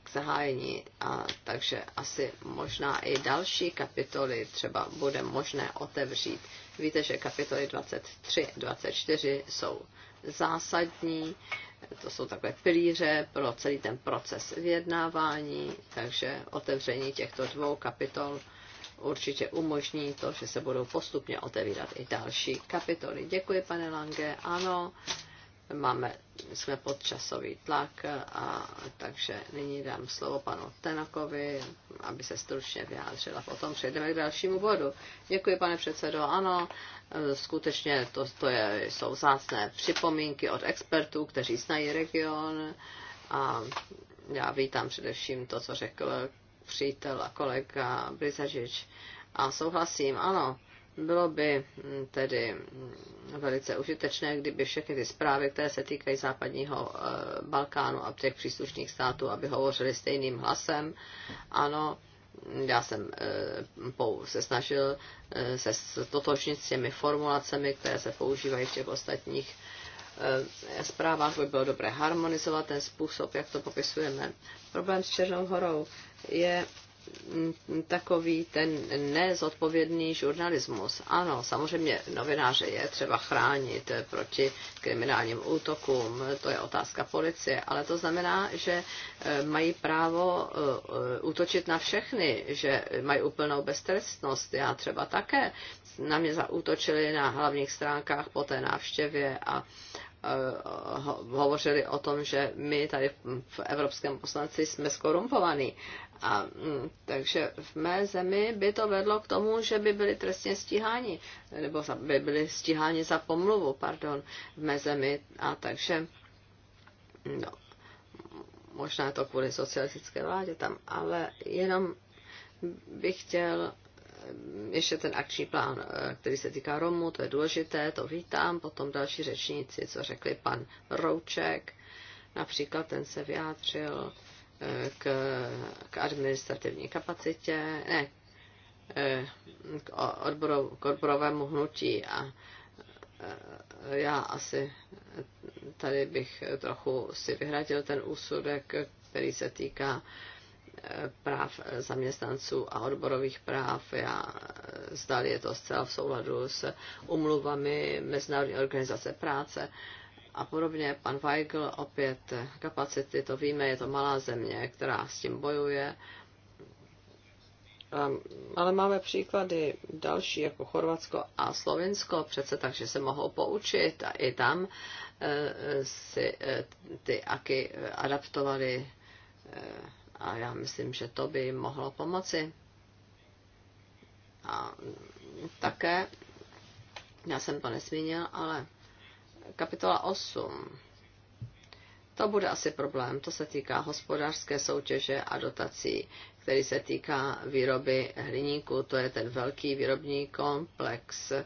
k zahájení. A, takže asi možná i další kapitoly třeba bude možné otevřít. Víte, že kapitoly 23 24 jsou zásadní, to jsou takové pilíře pro celý ten proces vyjednávání, takže otevření těchto dvou kapitol určitě umožní to, že se budou postupně otevírat i další kapitoly. Děkuji, pane Lange. Ano, máme, jsme pod časový tlak, a, takže nyní dám slovo panu Tenakovi, aby se stručně vyjádřila. Potom přejdeme k dalšímu bodu. Děkuji, pane předsedo. Ano, skutečně to, to je, jsou zácné připomínky od expertů, kteří znají region. A já vítám především to, co řekl přítel a kolega Brizažič. A souhlasím, ano, bylo by mm, tedy mm, velice užitečné, kdyby všechny ty zprávy, které se týkají západního eh, Balkánu a těch příslušných států, aby hovořili stejným hlasem. Ano, já jsem eh, se snažil eh, se totočnit s těmi formulacemi, které se používají v těch ostatních zprávách by bylo dobré harmonizovat ten způsob, jak to popisujeme. Problém s Černou horou je takový ten nezodpovědný žurnalismus. Ano, samozřejmě novináře je třeba chránit proti kriminálním útokům, to je otázka policie, ale to znamená, že eh, mají právo eh, útočit na všechny, že mají úplnou beztrestnost. Já třeba také na mě zaútočili na hlavních stránkách po té návštěvě a Eh, hovořili o tom, že my tady v Evropském poslanci jsme skorumpovaní. A, mm, takže v mé zemi by to vedlo k tomu, že by byli trestně stíháni, nebo by byli stíháni za pomluvu, pardon, v mé zemi. A takže, mm, no, možná je to kvůli socialistické vládě tam, ale jenom bych chtěl ještě ten akční plán, eh, který se týká Romů, to je důležité, to vítám. Potom další řečníci, co řekli pan Rouček, například ten se vyjádřil eh, k, k administrativní kapacitě, ne, eh, k, odboru, k odborovému hnutí a já asi tady bych trochu si vyhradil ten úsudek, který se týká práv zaměstnanců a odborových práv. Já zdali je to zcela v souladu s umluvami Mezinárodní organizace práce a podobně. Pan Weigl opět kapacity, to víme, je to malá země, která s tím bojuje. Ehm, ale máme příklady další, jako Chorvatsko a Slovinsko přece, takže se mohou poučit a i tam eh, si eh, ty aky adaptovali eh, a já myslím, že to by jim mohlo pomoci. A také, já jsem to nesmínil, ale kapitola 8. To bude asi problém. To se týká hospodářské soutěže a dotací, který se týká výroby hliníku. To je ten velký výrobní komplex, eh,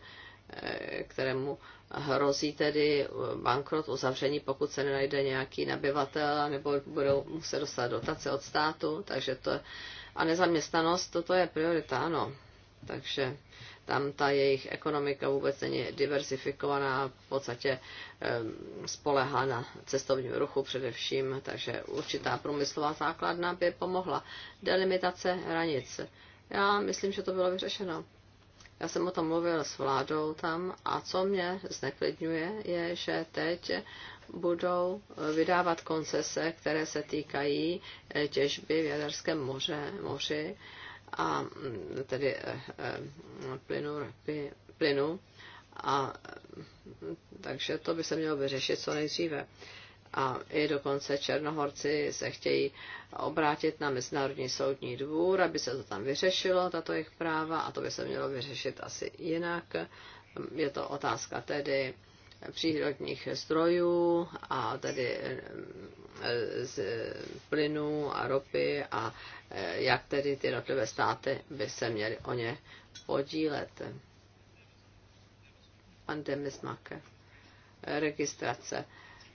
kterému hrozí tedy eh, bankrot, uzavření, pokud se nenajde nějaký nabyvatel, nebo budou muset dostat dotace od státu, takže to a nezaměstnanost, toto je priorita, ano. Takže tam ta jejich ekonomika vůbec není diversifikovaná, v podstatě eh, spolehá na cestovním ruchu především, takže určitá průmyslová základna by pomohla. Delimitace hranic. Já myslím, že to bylo vyřešeno. Já jsem o tom mluvil s vládou tam a co mě zneklidňuje, je, že teď budou vydávat koncese, které se týkají eh, těžby v Jaderském moře, moři a mm, tedy eh, eh, plynu, plynu a mm, takže to by se mělo vyřešit co nejdříve a i dokonce Černohorci se chtějí obrátit na Mezinárodní soudní dvůr, aby se to tam vyřešilo, tato jejich práva, a to by se mělo vyřešit asi jinak. Je to otázka tedy přírodních zdrojů a tedy eh, z plynu a ropy a eh, jak tedy ty jednotlivé státy by se měly o ně podílet. Pan Registrace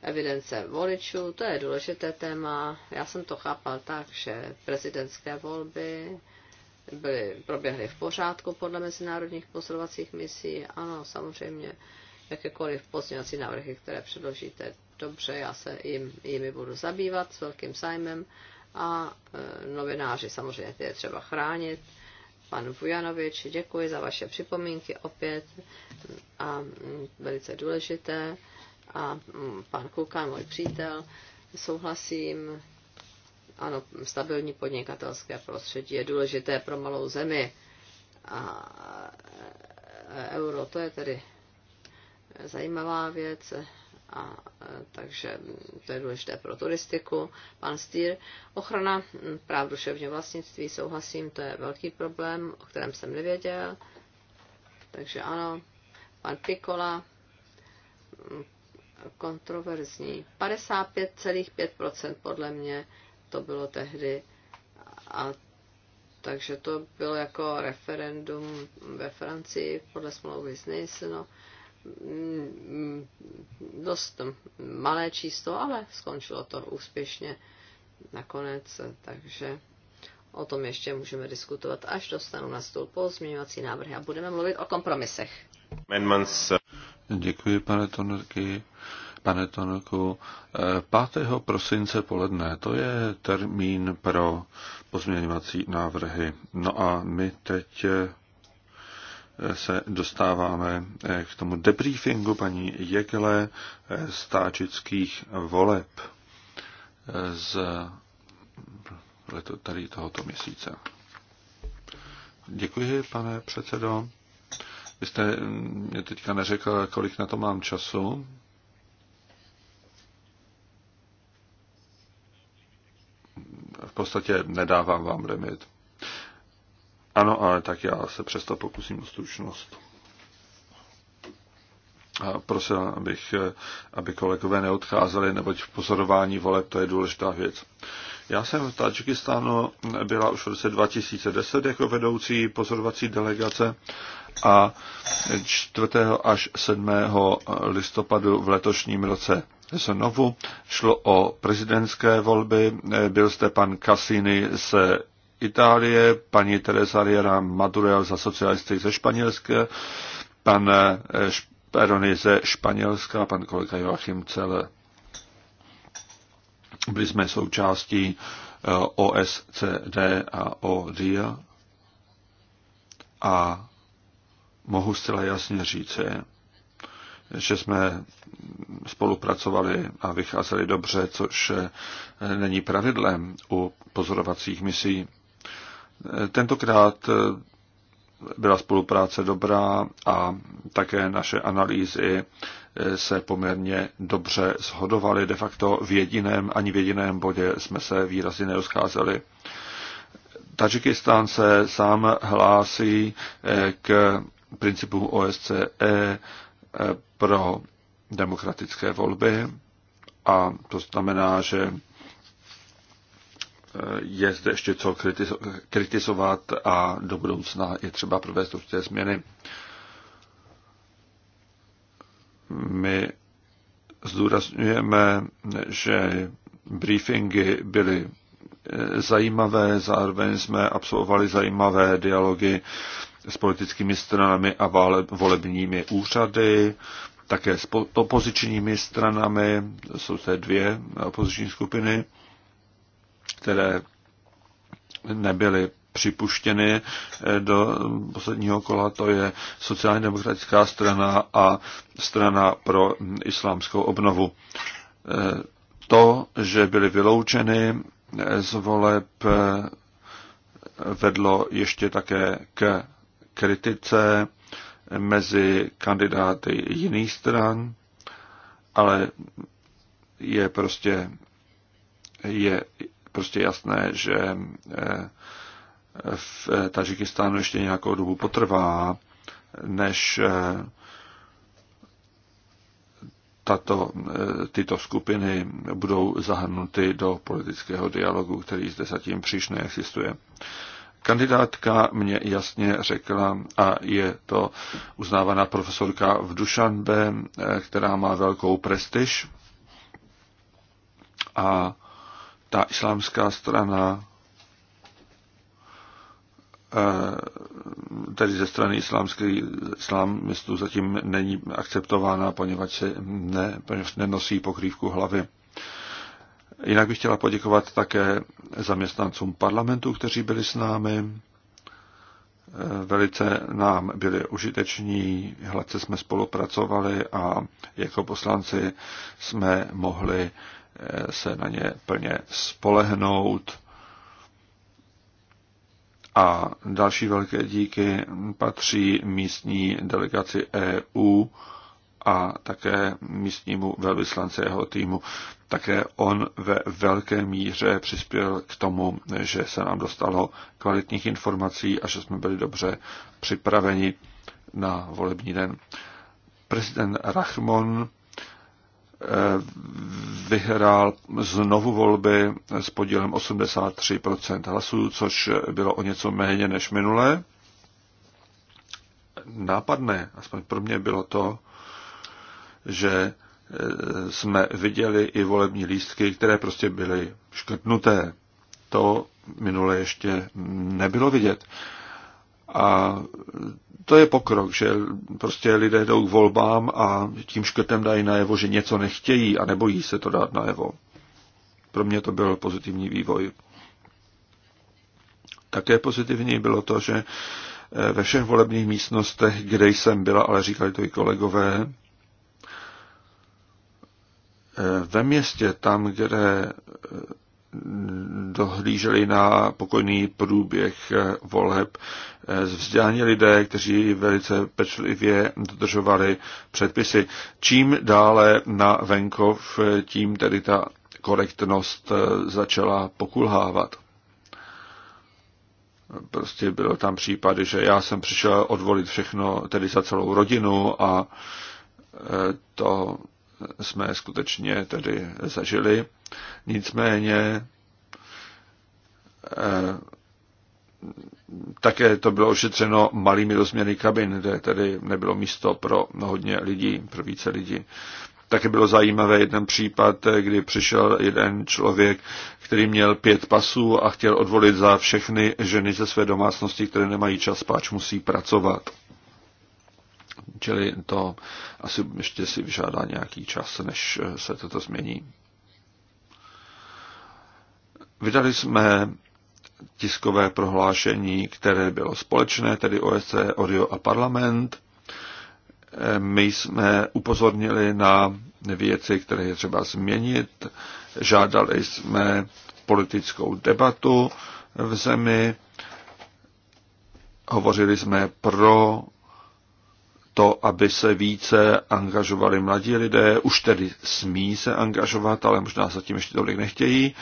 evidence voličů, to je důležité téma. Já jsem to chápal tak, že prezidentské volby byly, proběhly v pořádku podle mezinárodních pozorovacích misí. Ano, samozřejmě jakékoliv pozměňovací návrhy, které předložíte, dobře, já se jim, jimi budu zabývat s velkým zájmem a e, novináři samozřejmě ty je třeba chránit. Panu Vujanovič, děkuji za vaše připomínky opět a velice důležité a mm, pan Kuka, můj přítel, souhlasím, ano, stabilní podnikatelské prostředí je důležité pro malou zemi a e, euro, to je tedy zajímavá věc, a, e, takže to je důležité pro turistiku. Pan Stýr, ochrana mm, práv duševního vlastnictví, souhlasím, to je velký problém, o kterém jsem nevěděl. Takže ano, pan Pikola, kontroverzní. 55,5% podle mě to bylo tehdy. A takže to bylo jako referendum ve Francii podle smlouvy z Nice. No, mm, dost malé číslo, ale skončilo to úspěšně nakonec, takže o tom ještě můžeme diskutovat, až dostanu na stůl pozměňovací návrhy a budeme mluvit o kompromisech. Amendments uh, Děkuji, pane Tonorky. Pane Tonoku, 5. Eh, prosince poledne, to je termín pro pozměňovací návrhy. No a my teď eh, se dostáváme eh, k tomu debriefingu paní Jekele z táčických voleb z tady tohoto měsíce. Děkuji, pane předsedo. Vy jste mm, mě teďka neřekl, kolik na to mám času. V podstatě nedávám vám limit. Ano, ale tak já se přesto pokusím o stručnost. A prosím, abych, aby kolegové neodcházeli, neboť v pozorování voleb to je důležitá věc. Já jsem v Tadžikistánu byla už v roce 2010 jako vedoucí pozorovací delegace a 4. až 7. listopadu v letošním roce. Znovu šlo o prezidentské volby. Byl jste pan Cassini z Itálie, paní Teresa Riera Madurel za socialisty ze Španělské, pan eh, Perony ze Španělska pan kolega Joachim Celle. Byli jsme součástí eh, OSCD a ODIA a mohu zcela jasně říci, že jsme spolupracovali a vycházeli dobře, což není pravidlem u pozorovacích misí. Tentokrát byla spolupráce dobrá a také naše analýzy se poměrně dobře shodovaly. De facto v jediném, ani v jediném bodě jsme se výrazně nerozcházeli. Tadžikistán se sám hlásí k principům OSCE eh, pro demokratické volby a to znamená, že eh, je zde ještě co kritizovat a do budoucna je třeba provést určité změny. My zdůrazňujeme, že briefingy byly eh, zajímavé, zároveň jsme absolvovali zajímavé dialogy s politickými stranami a volebními úřady, také s opozičními stranami, jsou to dvě opoziční skupiny, které nebyly připuštěny eh, do posledního kola, to je sociálně demokratická strana a strana pro islámskou obnovu. Eh, to, že byly vyloučeny eh, z voleb, vedlo ještě také k kritice mezi kandidáty jiných stran, ale je prostě, je prostě jasné, že eh, v Tadžikistánu ještě nějakou dobu potrvá, než eh, tato, eh, tyto skupiny budou zahrnuty do politického dialogu, který zde zatím příliš neexistuje. Kandidátka mě jasně řekla, a je to uznávaná profesorka v Dušanbe, eh, která má velkou prestiž, a ta islámská strana, eh, tedy ze strany islám islámistů zatím není akceptována, poněvadž, se ne, poněvadž nenosí pokrývku hlavy. Jinak bych chtěla poděkovat také zaměstnancům parlamentu, kteří byli s námi. Velice nám byli užiteční, hladce jsme spolupracovali a jako poslanci jsme mohli eh, se na ně plně spolehnout. A další velké díky patří místní delegaci EU, a také místnímu velvyslance jeho týmu. Také on ve velké míře přispěl k tomu, že se nám dostalo kvalitních informací a že jsme byli dobře připraveni na volební den. Prezident Rachmon eh, vyhrál znovu volby s podílem 83% hlasů, což bylo o něco méně než minule. Nápadné, aspoň pro mě bylo to, že e, jsme viděli i volební lístky, které prostě byly škrtnuté. To minule ještě nebylo vidět. A to je pokrok, že prostě lidé jdou k volbám a tím škrtem dají najevo, že něco nechtějí a nebojí se to dát najevo. Pro mě to byl pozitivní vývoj. Také pozitivní bylo to, že e, ve všech volebních místnostech, kde jsem byla, ale říkali to i kolegové, Eh, ve městě, tam, kde eh, dohlíželi na pokojný průběh eh, voleb vzdělaní lidé, kteří velice pečlivě dodržovali předpisy. Čím dále na venkov, tím tedy ta korektnost začala pokulhávat. Prostě bylo tam případy, že já jsem přišel odvolit všechno tedy za celou rodinu a to jsme skutečně tedy zažili. Nicméně eh, také to bylo ošetřeno malými rozměry kabin, kde tedy nebylo místo pro hodně lidí, pro více lidí. Také bylo zajímavé jeden případ, kdy přišel jeden člověk, který měl pět pasů a chtěl odvolit za všechny ženy ze své domácnosti, které nemají čas, páč musí pracovat. Čili to asi ještě si vyžádá nějaký čas, než eh, se toto změní. Vydali jsme tiskové prohlášení, které bylo společné, tedy OSC, Orio a parlament. Eh, my jsme upozornili na věci, které je třeba změnit. Žádali jsme politickou debatu v zemi. Hovořili jsme pro to, aby se více angažovali mladí lidé, už tedy smí se angažovat, ale možná zatím ještě tolik nechtějí.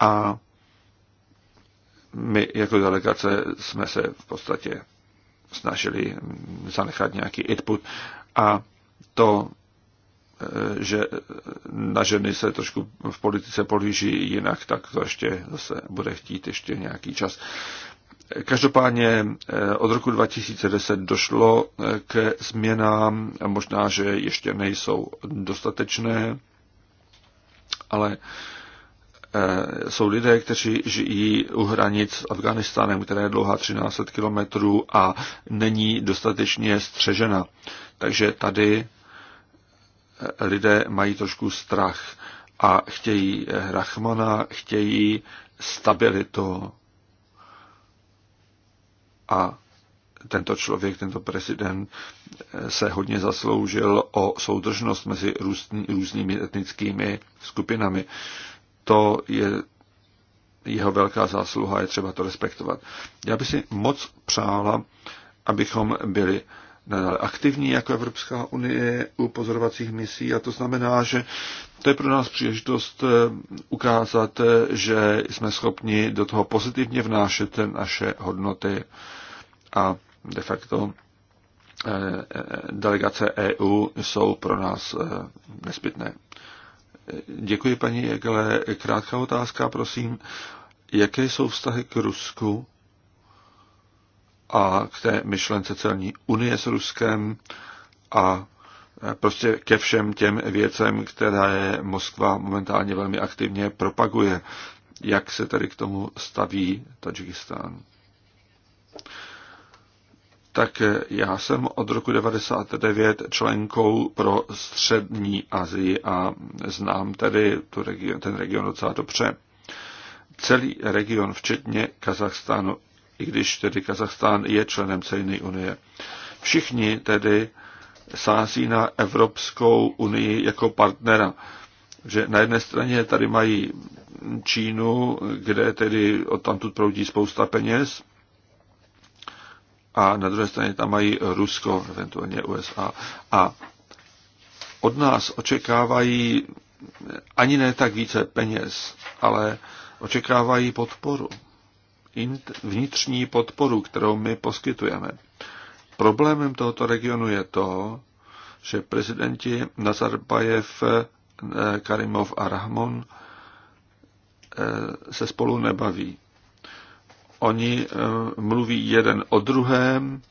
A my jako delegace jsme se v podstatě snažili zanechat nějaký input. A to, eh, že na ženy se trošku v politice políží jinak, tak to ještě zase bude chtít ještě nějaký čas. Každopádně eh, od roku 2010 došlo eh, k změnám, možná, že ještě nejsou dostatečné, ale eh, jsou lidé, kteří žijí u hranic s Afganistánem, která je dlouhá 1300 kilometrů a není dostatečně střežena. Takže tady lidé mají trošku strach a chtějí Rachmana, chtějí stabilitu a tento člověk, tento prezident eh, se hodně zasloužil o soudržnost mezi různý, různými etnickými skupinami. To je jeho velká zásluha, je třeba to respektovat. Já bych si moc přála, abychom byli nadále aktivní jako Evropská unie u pozorovacích misí a to znamená, že to je pro nás příležitost eh, ukázat, eh, že jsme schopni do toho pozitivně vnášet naše hodnoty a de facto eh, eh, delegace EU jsou pro nás eh, nezbytné. Děkuji, paní Jegele. Krátká otázka, prosím. Jaké jsou vztahy k Rusku a k té myšlence celní unie s Ruskem a prostě ke všem těm věcem, které Moskva momentálně velmi aktivně propaguje. Jak se tady k tomu staví Tadžikistán? tak já jsem od roku 99 členkou pro střední Azii a znám tedy tu region, ten region docela dobře. Celý region, včetně Kazachstánu, i když tedy Kazachstán je členem celé unie. Všichni tedy sází na Evropskou unii jako partnera. Že na jedné straně tady mají Čínu, kde tedy odtamtud proudí spousta peněz, a na druhé straně tam mají Rusko, eventuálně USA. A od nás očekávají ani ne tak více peněz, ale očekávají podporu. Vnitřní podporu, kterou my poskytujeme. Problémem tohoto regionu je to, že prezidenti Nazarbajev, eh, Karimov a Rahmon eh, se spolu nebaví. Oni eh, mluví jeden o druhém,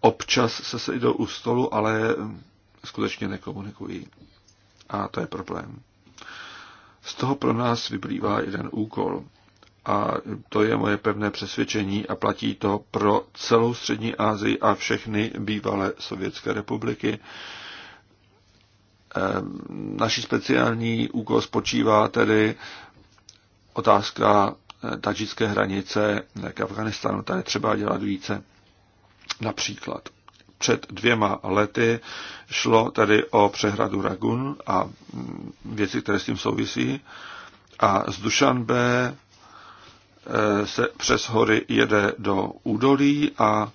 občas se sejdou u stolu, ale eh, skutečně nekomunikují. A to je problém. Z toho pro nás vyplývá jeden úkol. A to je moje pevné přesvědčení a platí to pro celou Střední Asii a všechny bývalé sovětské republiky. Ehm, Naší speciální úkol spočívá tedy otázka Eh, tadžické hranice k Afganistánu. Tady třeba dělat více. Například před dvěma lety šlo tedy o přehradu Ragun a mm, věci, které s tím souvisí. A z Dušanbe eh, se přes hory jede do údolí a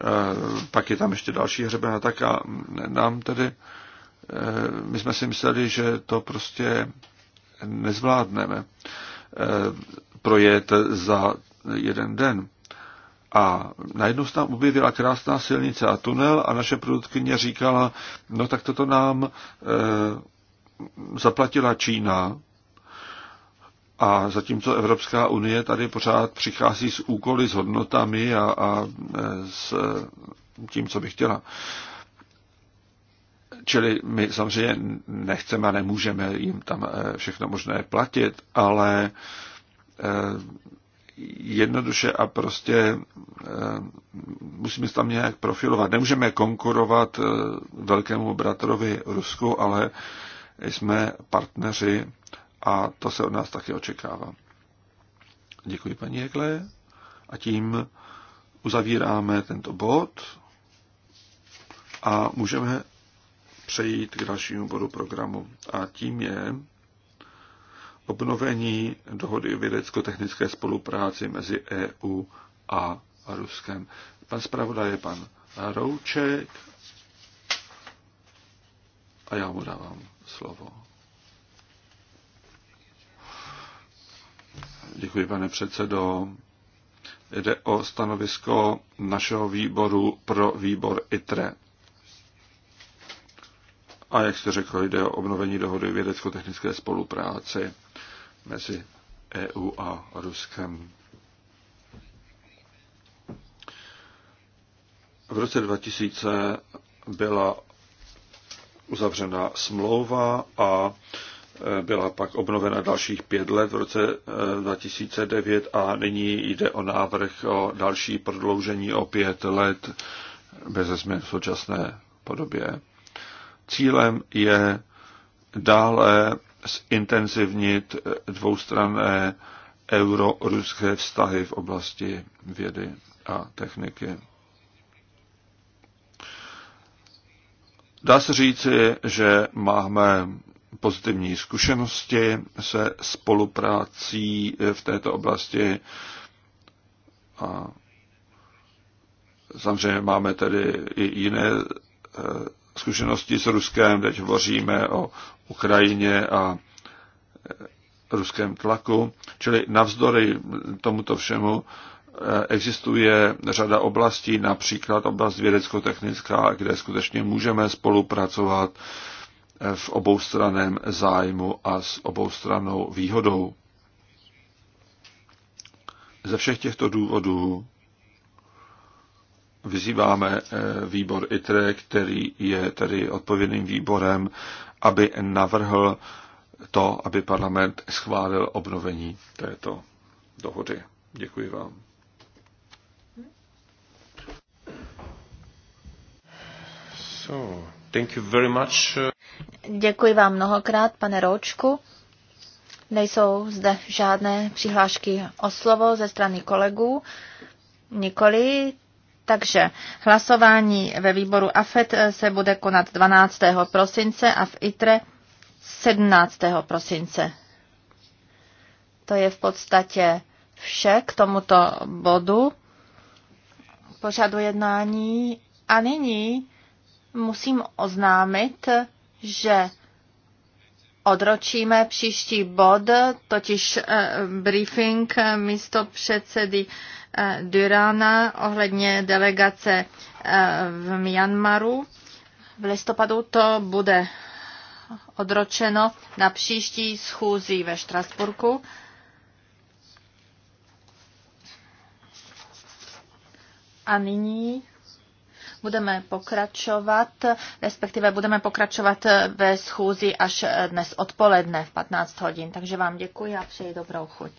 eh, pak je tam ještě další hřebena, tak a nám tedy, my jsme si mysleli, že to prostě nezvládneme. Eh, projet za jeden den. A najednou se tam objevila krásná silnice a tunel a naše produktkyně říkala, no tak toto nám e, zaplatila Čína, a zatímco Evropská unie tady pořád přichází s úkoly, s hodnotami a, a eh, s tím, co by chtěla. Čili my samozřejmě nechceme a nemůžeme jim tam eh, všechno možné platit, ale eh, jednoduše a prostě eh, musíme se tam nějak profilovat. Nemůžeme konkurovat velkému bratrovi Rusku, ale jsme partneři a to se od nás také očekává. Děkuji paní Jekle a tím uzavíráme tento bod a můžeme přejít k dalšímu bodu programu. A tím je obnovení dohody o vědecko-technické spolupráci mezi EU a Ruskem. Pan zpravodaj je pan Rouček a já mu dávám slovo. Děkuji, pane předsedo. Jde o stanovisko našeho výboru pro výbor ITRE. A jak jste řekl, jde o obnovení dohody vědecko-technické spolupráci mezi EU a Ruskem. V roce 2000 byla uzavřena smlouva a e, byla pak obnovena dalších pět let v roce 2009 e, a nyní jde o návrh o další prodloužení o pět let bez změn v současné podobě. Cílem je dále zintenzivnit dvoustranné euro-ruské vztahy v oblasti vědy a techniky. Dá se říci, že máme pozitivní zkušenosti se spoluprácí v této oblasti. A samozřejmě máme tedy i jiné eh, zkušenosti s Ruskem, teď hovoříme o Ukrajině a ruském tlaku, čili navzdory tomuto všemu eh, existuje řada oblastí, například oblast vědecko-technická, kde skutečně můžeme spolupracovat eh, v oboustraném zájmu a s oboustranou výhodou. Ze všech těchto důvodů vyzýváme eh, výbor ITRE, který je tedy odpovědným výborem, aby navrhl to, aby parlament schválil obnovení této dohody. Děkuji vám. So, thank you very much. Děkuji vám mnohokrát, pane Ročku. Nejsou zde žádné přihlášky o slovo ze strany kolegů. Nikoli, takže hlasování ve výboru AFET eh, se bude konat 12. prosince a v ITRE 17. prosince. To je v podstatě vše k tomuto bodu pořadu jednání. A nyní musím oznámit, že odročíme příští bod, totiž eh, briefing eh, místo předsedy Durana ohledně delegace eh, v Myanmaru. V listopadu to bude odročeno na příští schůzi ve Štrasburku. A nyní budeme pokračovat, respektive budeme pokračovat ve schůzi až dnes odpoledne v 15 hodin. Takže vám děkuji a přeji dobrou chuť.